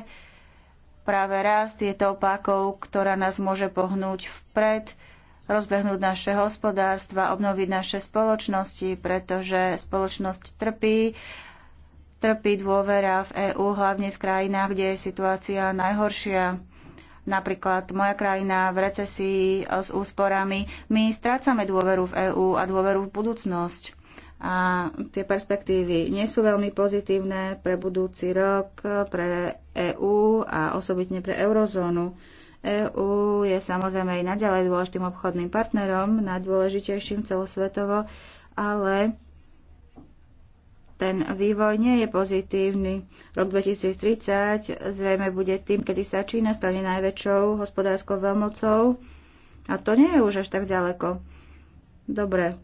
Práve rast je to opakou, ktorá nás môže pohnúť vpred, rozbehnúť naše hospodárstva, obnoviť naše spoločnosti, pretože spoločnosť trpí, trpí dôvera v EÚ, hlavne v krajinách, kde je situácia najhoršia napríklad moja krajina v recesii s úsporami, my strácame dôveru v EÚ a dôveru v budúcnosť a tie perspektívy nie sú veľmi pozitívne pre budúci rok, pre EÚ a osobitne pre eurozónu. EÚ je samozrejme aj naďalej dôležitým obchodným partnerom, najdôležitejším celosvetovo, ale ten vývoj nie je pozitívny. Rok 2030 zrejme bude tým, kedy sa Čína stane najväčšou hospodárskou veľmocou a to nie je už až tak ďaleko. Dobre,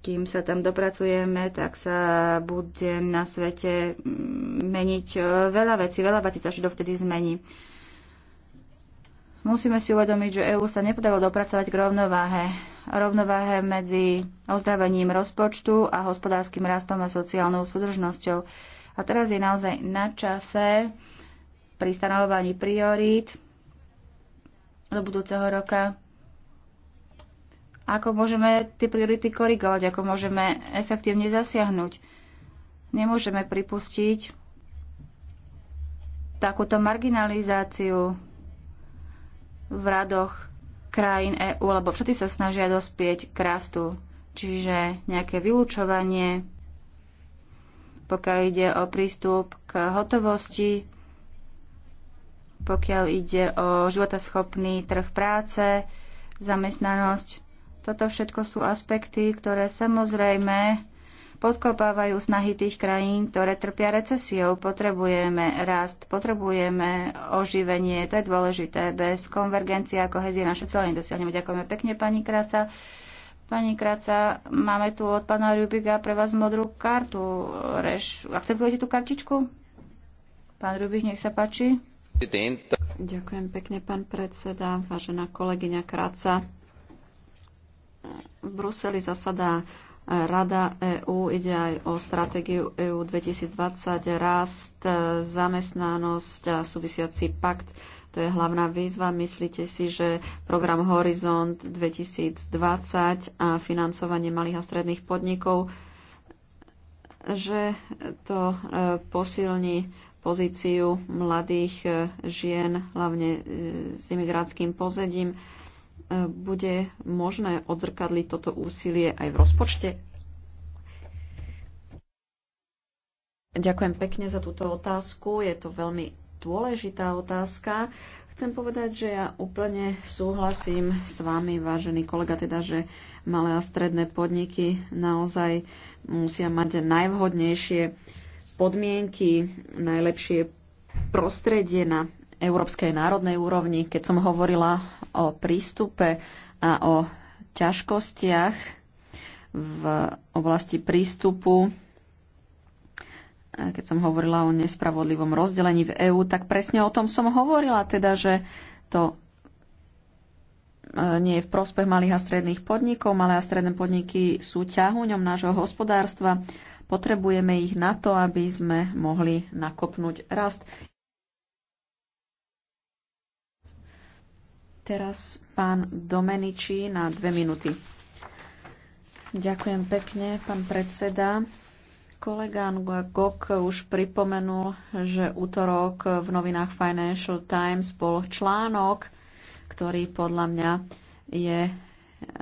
kým sa tam dopracujeme, tak sa bude na svete mm, meniť e, veľa vecí, veľa vecí sa až dovtedy zmení. Musíme si uvedomiť, že EÚ sa nepodarilo dopracovať k rovnováhe. Rovnováhe medzi ozdravením rozpočtu a hospodárskym rastom a sociálnou súdržnosťou. A teraz je naozaj na čase pri stanovovaní priorít do budúceho roka ako môžeme tie priority korigovať, ako môžeme efektívne zasiahnuť. Nemôžeme pripustiť takúto marginalizáciu v radoch krajín EÚ, lebo všetci sa snažia dospieť k rastu. Čiže nejaké vylúčovanie, pokiaľ ide o prístup k hotovosti, pokiaľ ide o životaschopný trh práce, zamestnanosť. Toto všetko sú aspekty, ktoré samozrejme podkopávajú snahy tých krajín, ktoré trpia recesiou. Potrebujeme rast, potrebujeme oživenie, to je dôležité. Bez konvergencie a kohezie naše celé nedosiahneme. Ďakujeme pekne, pani Kráca. Pani Kráca, máme tu od pána Rubiga pre vás modrú kartu. Reš, akceptujete tú kartičku? Pán Rubik, nech sa páči. Ďakujem pekne, pán predseda, vážená kolegyňa Kráca v Bruseli zasadá e, Rada EÚ, ide aj o stratégiu EÚ 2020, rast, e, zamestnanosť a súvisiaci pakt. To je hlavná výzva. Myslíte si, že program Horizont 2020 a financovanie malých a stredných podnikov, že to e, posilní pozíciu mladých žien, hlavne s imigrátským pozadím, bude možné odzrkadliť toto úsilie aj v rozpočte? Ďakujem pekne za túto otázku. Je to veľmi dôležitá otázka. Chcem povedať, že ja úplne súhlasím s vami, vážený kolega, teda, že malé a stredné podniky naozaj musia mať najvhodnejšie podmienky, najlepšie prostredie na európskej národnej úrovni. Keď som hovorila o prístupe a o ťažkostiach v oblasti prístupu, keď som hovorila o nespravodlivom rozdelení v EÚ, tak presne o tom som hovorila, teda, že to e, nie je v prospech malých a stredných podnikov. Malé a stredné podniky sú ťahuňom nášho hospodárstva. Potrebujeme ich na to, aby sme mohli nakopnúť rast. Teraz pán Domeničí na dve minúty. Ďakujem pekne, pán predseda. Kolega Gok už pripomenul, že útorok v novinách Financial Times bol článok, ktorý podľa mňa je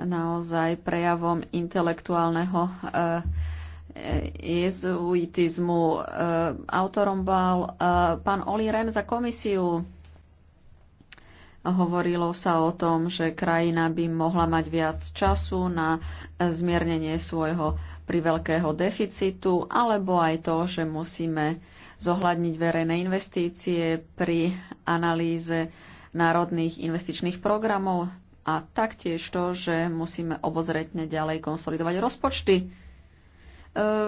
naozaj prejavom intelektuálneho eh, jezuitizmu. Eh, autorom bol eh, pán Oli Ren za komisiu Hovorilo sa o tom, že krajina by mohla mať viac času na zmiernenie svojho priveľkého deficitu, alebo aj to, že musíme zohľadniť verejné investície pri analýze národných investičných programov a taktiež to, že musíme obozretne ďalej konsolidovať rozpočty. E,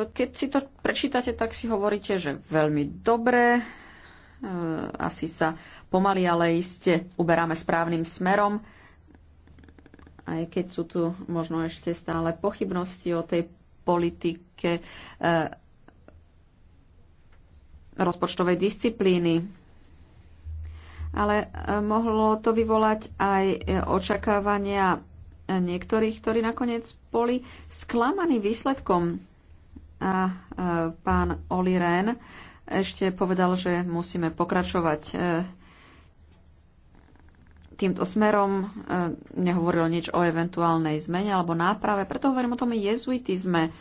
keď si to prečítate, tak si hovoríte, že veľmi dobre, Eh, asi sa pomaly, ale iste uberáme správnym smerom, aj keď sú tu možno ešte stále pochybnosti o tej politike eh, rozpočtovej disciplíny. Ale eh, mohlo to vyvolať aj očakávania niektorých, ktorí nakoniec boli sklamaní výsledkom. A pán Oli Ren, ešte povedal, že musíme pokračovať e, týmto smerom. E, nehovoril nič o eventuálnej zmene alebo náprave. Preto hovorím o tom jezuitizme. E,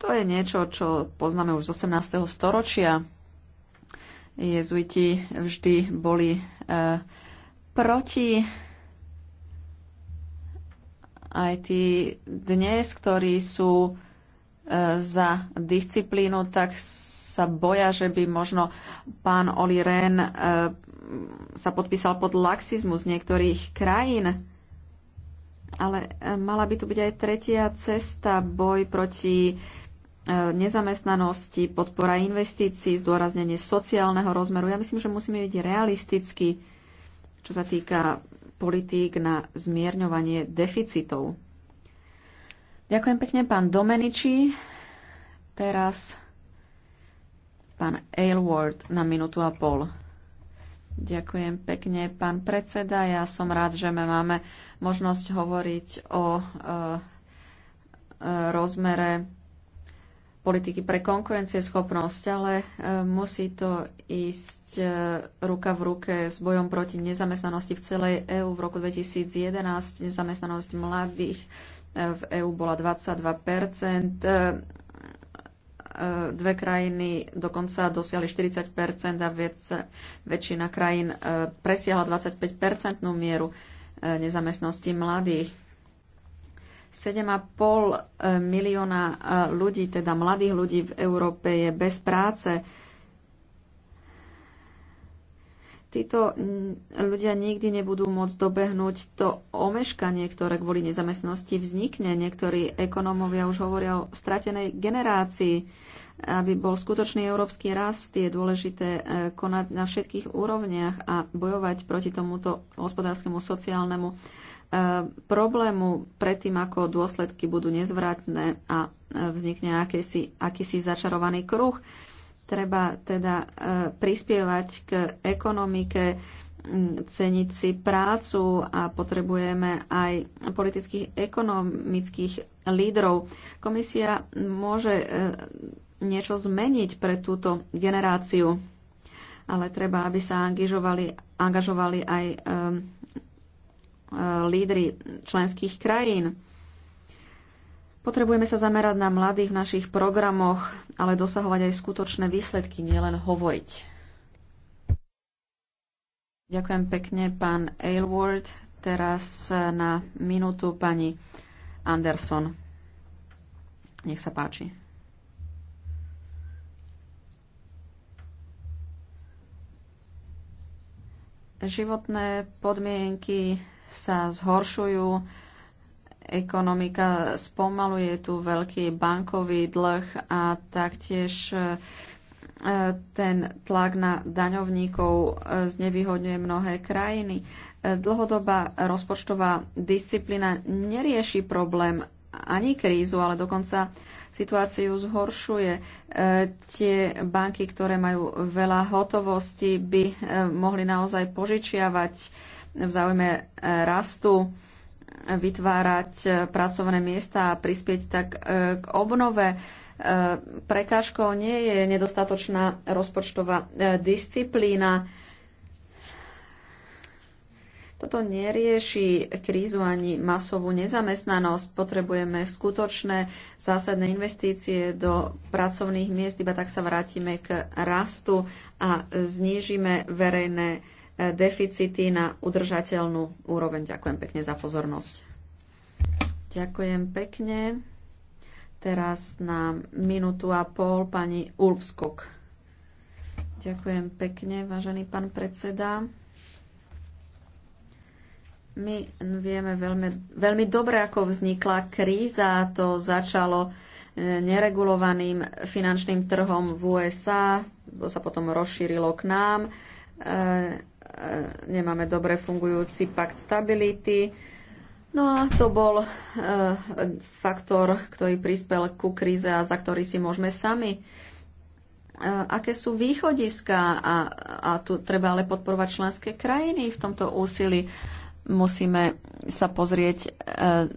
to je niečo, čo poznáme už z 18. storočia. Jezuiti vždy boli proti aj tí dnes, ktorí sú za disciplínu, tak sa boja, že by možno pán Oli Rehn e, sa podpísal pod laxizmus niektorých krajín. Ale e, mala by tu byť aj tretia cesta, boj proti e, nezamestnanosti, podpora investícií, zdôraznenie sociálneho rozmeru. Ja myslím, že musíme byť realistickí, čo sa týka politík na zmierňovanie deficitov. Ďakujem pekne, pán Domeniči. Teraz pán Aylward na minútu a pol. Ďakujem pekne, pán predseda. Ja som rád, že my máme možnosť hovoriť o e, e rozmere politiky pre konkurencieschopnosť, ale e, musí to ísť e, ruka v ruke s bojom proti nezamestnanosti v celej EÚ v roku 2011. Nezamestnanosť mladých v EÚ bola 22 e, dve krajiny dokonca dosiali 40 a viac, väčšina krajín e, presiahla 25 mieru e, nezamestnosti mladých. 7,5 milióna ľudí, teda mladých ľudí v Európe je bez práce títo mm, ľudia nikdy nebudú môcť dobehnúť to omeškanie, ktoré kvôli nezamestnosti vznikne. Niektorí ekonómovia už hovoria o stratenej generácii. Aby bol skutočný európsky rast, je dôležité e, konať na všetkých úrovniach a bojovať proti tomuto hospodárskemu sociálnemu e, problému predtým, ako dôsledky budú nezvratné a e, vznikne akýsi, akýsi začarovaný kruh. Treba teda e, prispievať k ekonomike, ceniť si prácu a potrebujeme aj politických ekonomických lídrov. Komisia môže e, niečo zmeniť pre túto generáciu, ale treba, aby sa angažovali, angažovali aj e, lídry členských krajín. Potrebujeme sa zamerať na mladých v našich programoch, ale dosahovať aj skutočné výsledky, nielen hovoriť. Ďakujem pekne, pán Aylward. Teraz na minútu pani Anderson. Nech sa páči. Životné podmienky sa zhoršujú ekonomika spomaluje tu veľký bankový dlh a taktiež e, e, ten tlak na daňovníkov e, znevýhodňuje mnohé krajiny. Dlhodobá rozpočtová disciplína nerieši problém ani krízu, ale dokonca situáciu zhoršuje. Tie banky, ktoré majú veľa hotovosti, by mohli naozaj požičiavať v záujme rastu vytvárať e, pracovné miesta a prispieť tak e, k obnove. E, prekážkou nie je nedostatočná rozpočtová disciplína. Toto nerieši krízu ani masovú nezamestnanosť. Potrebujeme skutočné zásadné investície do pracovných miest, iba tak sa vrátime k rastu a znížime verejné deficity na udržateľnú úroveň. Ďakujem pekne za pozornosť. Ďakujem pekne. Teraz na minútu a pol pani Ulfskok. Ďakujem pekne, vážený pán predseda. My vieme veľmi, veľmi dobre, ako vznikla kríza. To začalo e, neregulovaným finančným trhom v USA, to sa potom rozšírilo k nám e, E, nemáme dobre fungujúci pakt stability. No a to bol e, faktor, ktorý prispel ku kríze a za ktorý si môžeme sami e, aké sú východiska a, a tu treba ale podporovať členské krajiny v tomto úsilí. Musíme sa pozrieť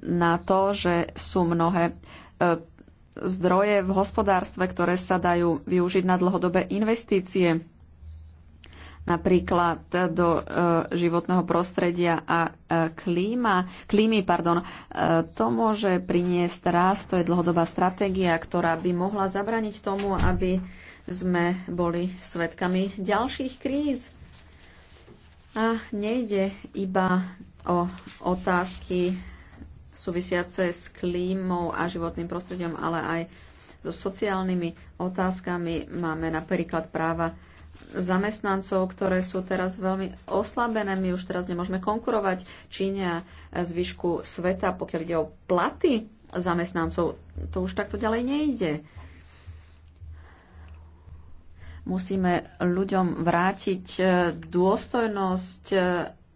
na to, že sú mnohé zdroje v hospodárstve, ktoré sa dajú využiť na dlhodobé investície napríklad do e, životného prostredia a e, klíma, klímy, pardon, e, to môže priniesť rast, to je dlhodobá stratégia, ktorá by mohla zabraniť tomu, aby sme boli svetkami ďalších kríz. A nejde iba o otázky súvisiace s klímou a životným prostredím, ale aj so sociálnymi otázkami. Máme napríklad práva zamestnancov, ktoré sú teraz veľmi oslabené. My už teraz nemôžeme konkurovať Číne a zvyšku sveta, pokiaľ ide o platy zamestnancov. To už takto ďalej nejde. Musíme ľuďom vrátiť e, dôstojnosť e,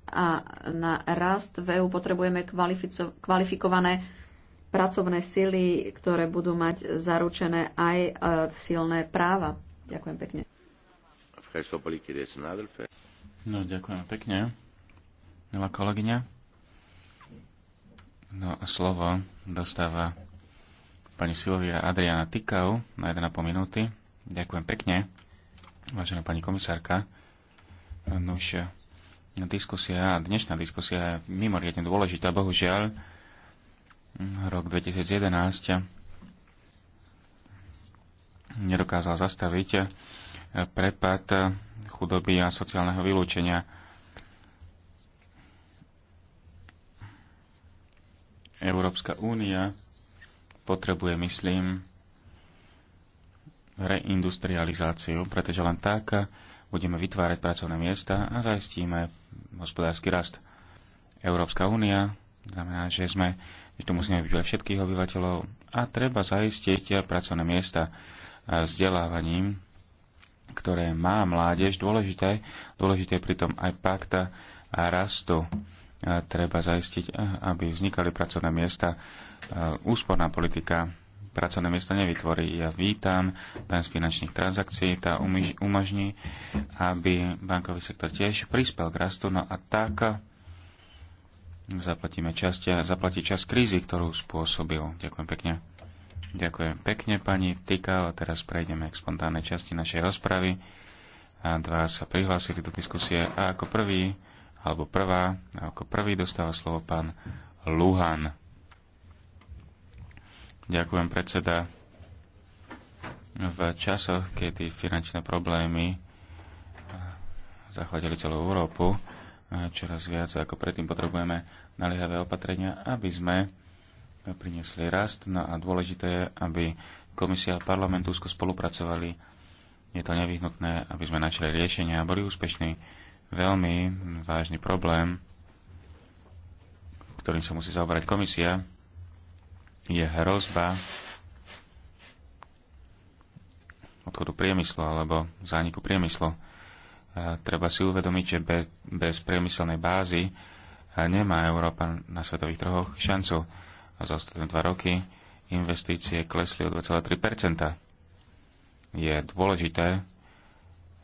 a na rast v EU potrebujeme kvalifikované pracovné sily, ktoré budú mať zaručené aj e, silné práva. Ďakujem pekne. No, ďakujem pekne, milá kolegyňa. No a slovo dostáva pani Silvia Adriana Tikau na 1,5 minúty. Ďakujem pekne, vážená pani komisárka. Nož, diskusia, dnešná diskusia je mimoriadne dôležitá, bohužiaľ. Rok 2011 nedokázal zastaviť prepad chudoby a sociálneho vylúčenia. Európska únia potrebuje, myslím, reindustrializáciu, pretože len tak budeme vytvárať pracovné miesta a zaistíme hospodársky rast. Európska únia znamená, že sme, že tu musíme byť pre všetkých obyvateľov a treba zaistiť pracovné miesta vzdelávaním ktoré má mládež, dôležité, dôležité pritom aj pakta a rastu. A treba zaistiť, eh, aby vznikali pracovné miesta. Úsporná politika pracovné miesta nevytvorí. Ja vítam daň z finančných transakcií, tá umožní, aby bankový sektor tiež prispel k rastu, no a tak zaplatíme časť, zaplatí časť krízy, ktorú spôsobil. Ďakujem pekne. Ďakujem pekne, pani Tika. A teraz prejdeme k spontánnej časti našej rozpravy. A dva sa prihlásili do diskusie a ako prvý, alebo prvá, a ako prvý dostáva slovo pán Luhan. Ďakujem, predseda. V časoch, kedy finančné problémy zachodili celú Európu, čoraz viac ako predtým potrebujeme naliehavé opatrenia, aby sme priniesli rast. No a dôležité je, aby komisia a parlament úzko spolupracovali. Je to nevyhnutné, aby sme našli riešenia a boli úspešní. Veľmi vážny problém, ktorým sa musí zaoberať komisia, je hrozba odchodu priemyslu alebo zániku priemyslu. E, treba si uvedomiť, že bez, bez priemyselnej bázy e, nemá Európa na svetových trhoch šancu a za ostatné dva roky investície klesli o 2,3 Je dôležité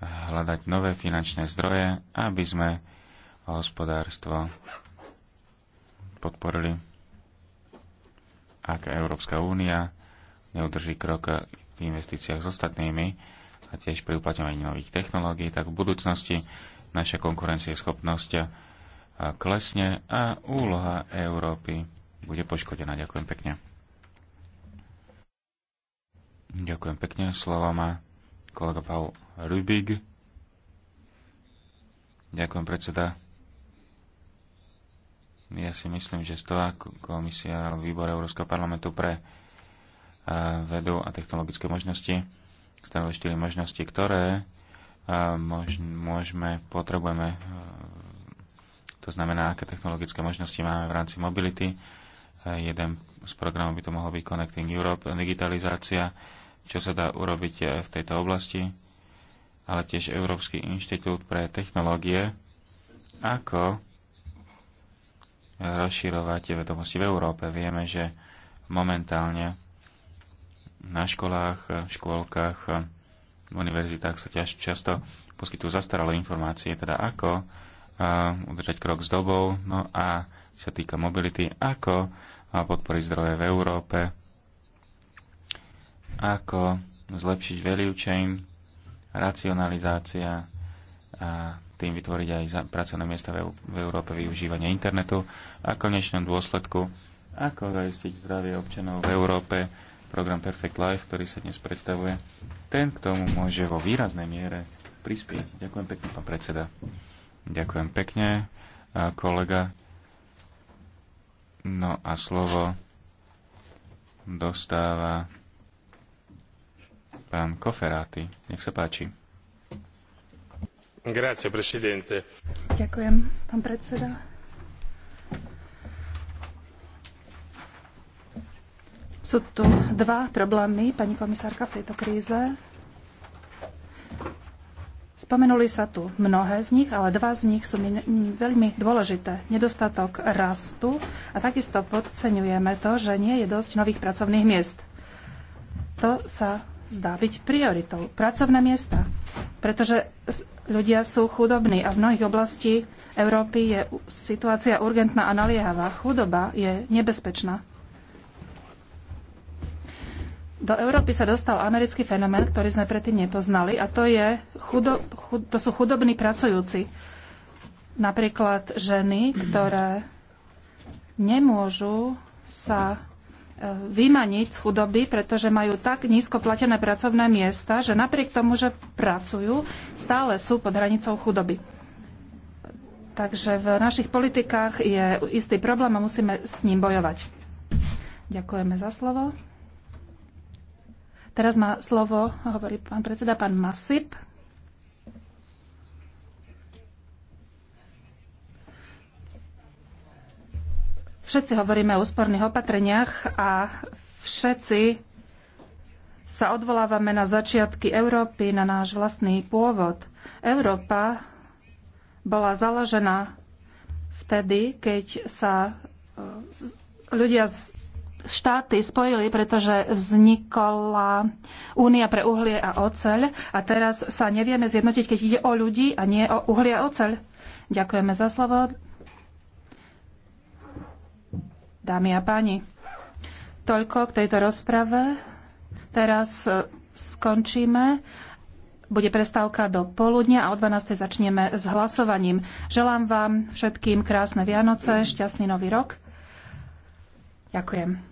hľadať nové finančné zdroje, aby sme hospodárstvo podporili. Ak Európska únia neudrží krok v investíciách s ostatnými a tiež pri uplatňovaní nových technológií, tak v budúcnosti naša konkurencieschopnosť klesne a úloha Európy bude poškodená. Ďakujem pekne. Ďakujem pekne. Slova má kolega Paul Rubig. Ďakujem, predseda. Ja si myslím, že stová komisia výbor Európskeho parlamentu pre e, vedu a technologické možnosti stanovili štyri možnosti, ktoré e, môžeme, potrebujeme. E, to znamená, aké technologické možnosti máme v rámci mobility, Jeden z programov by to mohol byť Connecting Europe, digitalizácia, čo sa dá urobiť eh, v tejto oblasti, ale tiež Európsky inštitút pre technológie, ako eh, rozširovať vedomosti v Európe. Vieme, že momentálne na školách, eh, škôlkach, v univerzitách sa ťaž, často poskytujú zastaralé informácie, teda ako udržať krok s dobou, no a sa týka mobility, ako podporiť zdroje v Európe, ako zlepšiť value chain, racionalizácia a tým vytvoriť aj pracovné miesta v Európe, využívanie internetu a v konečnom dôsledku, ako zaistiť zdravie občanov v Európe, program Perfect Life, ktorý sa dnes predstavuje, ten k tomu môže vo výraznej miere prispieť. Ďakujem pekne, pán predseda. Ďakujem pekne, kolega. No a slovo dostáva pán Koferáty. Nech sa páči. Grazie, presidente. Ďakujem, pán predseda. Sú tu dva problémy, pani komisárka, v tejto kríze. Spomenuli sa tu mnohé z nich, ale dva z nich sú mi veľmi dôležité. Nedostatok rastu a takisto podceňujeme to, že nie je dosť nových pracovných miest. To sa zdá byť prioritou. Pracovné miesta. Pretože ľudia sú chudobní a v mnohých oblasti Európy je situácia urgentná a naliehavá. Chudoba je nebezpečná do Európy sa dostal americký fenomén, ktorý sme predtým nepoznali, a to, je chudo, chud, to sú chudobní pracujúci. Napríklad ženy, ktoré nemôžu sa e, vymaniť z chudoby, pretože majú tak nízko platené pracovné miesta, že napriek tomu, že pracujú, stále sú pod hranicou chudoby. Takže v našich politikách je istý problém a musíme s ním bojovať. Ďakujeme za slovo. Teraz má slovo, hovorí pán predseda, pán Masip. Všetci hovoríme o úsporných opatreniach a všetci sa odvolávame na začiatky Európy, na náš vlastný pôvod. Európa bola založená vtedy, keď sa e, ľudia z štáty spojili, pretože vznikla Únia pre uhlie a oceľ a teraz sa nevieme zjednotiť, keď ide o ľudí a nie o uhlie a oceľ. Ďakujeme za slovo. Dámy a páni, toľko k tejto rozprave. Teraz e, skončíme. Bude prestávka do poludnia a o 12. začneme s hlasovaním. Želám vám všetkým krásne Vianoce, šťastný nový rok. Ďakujem.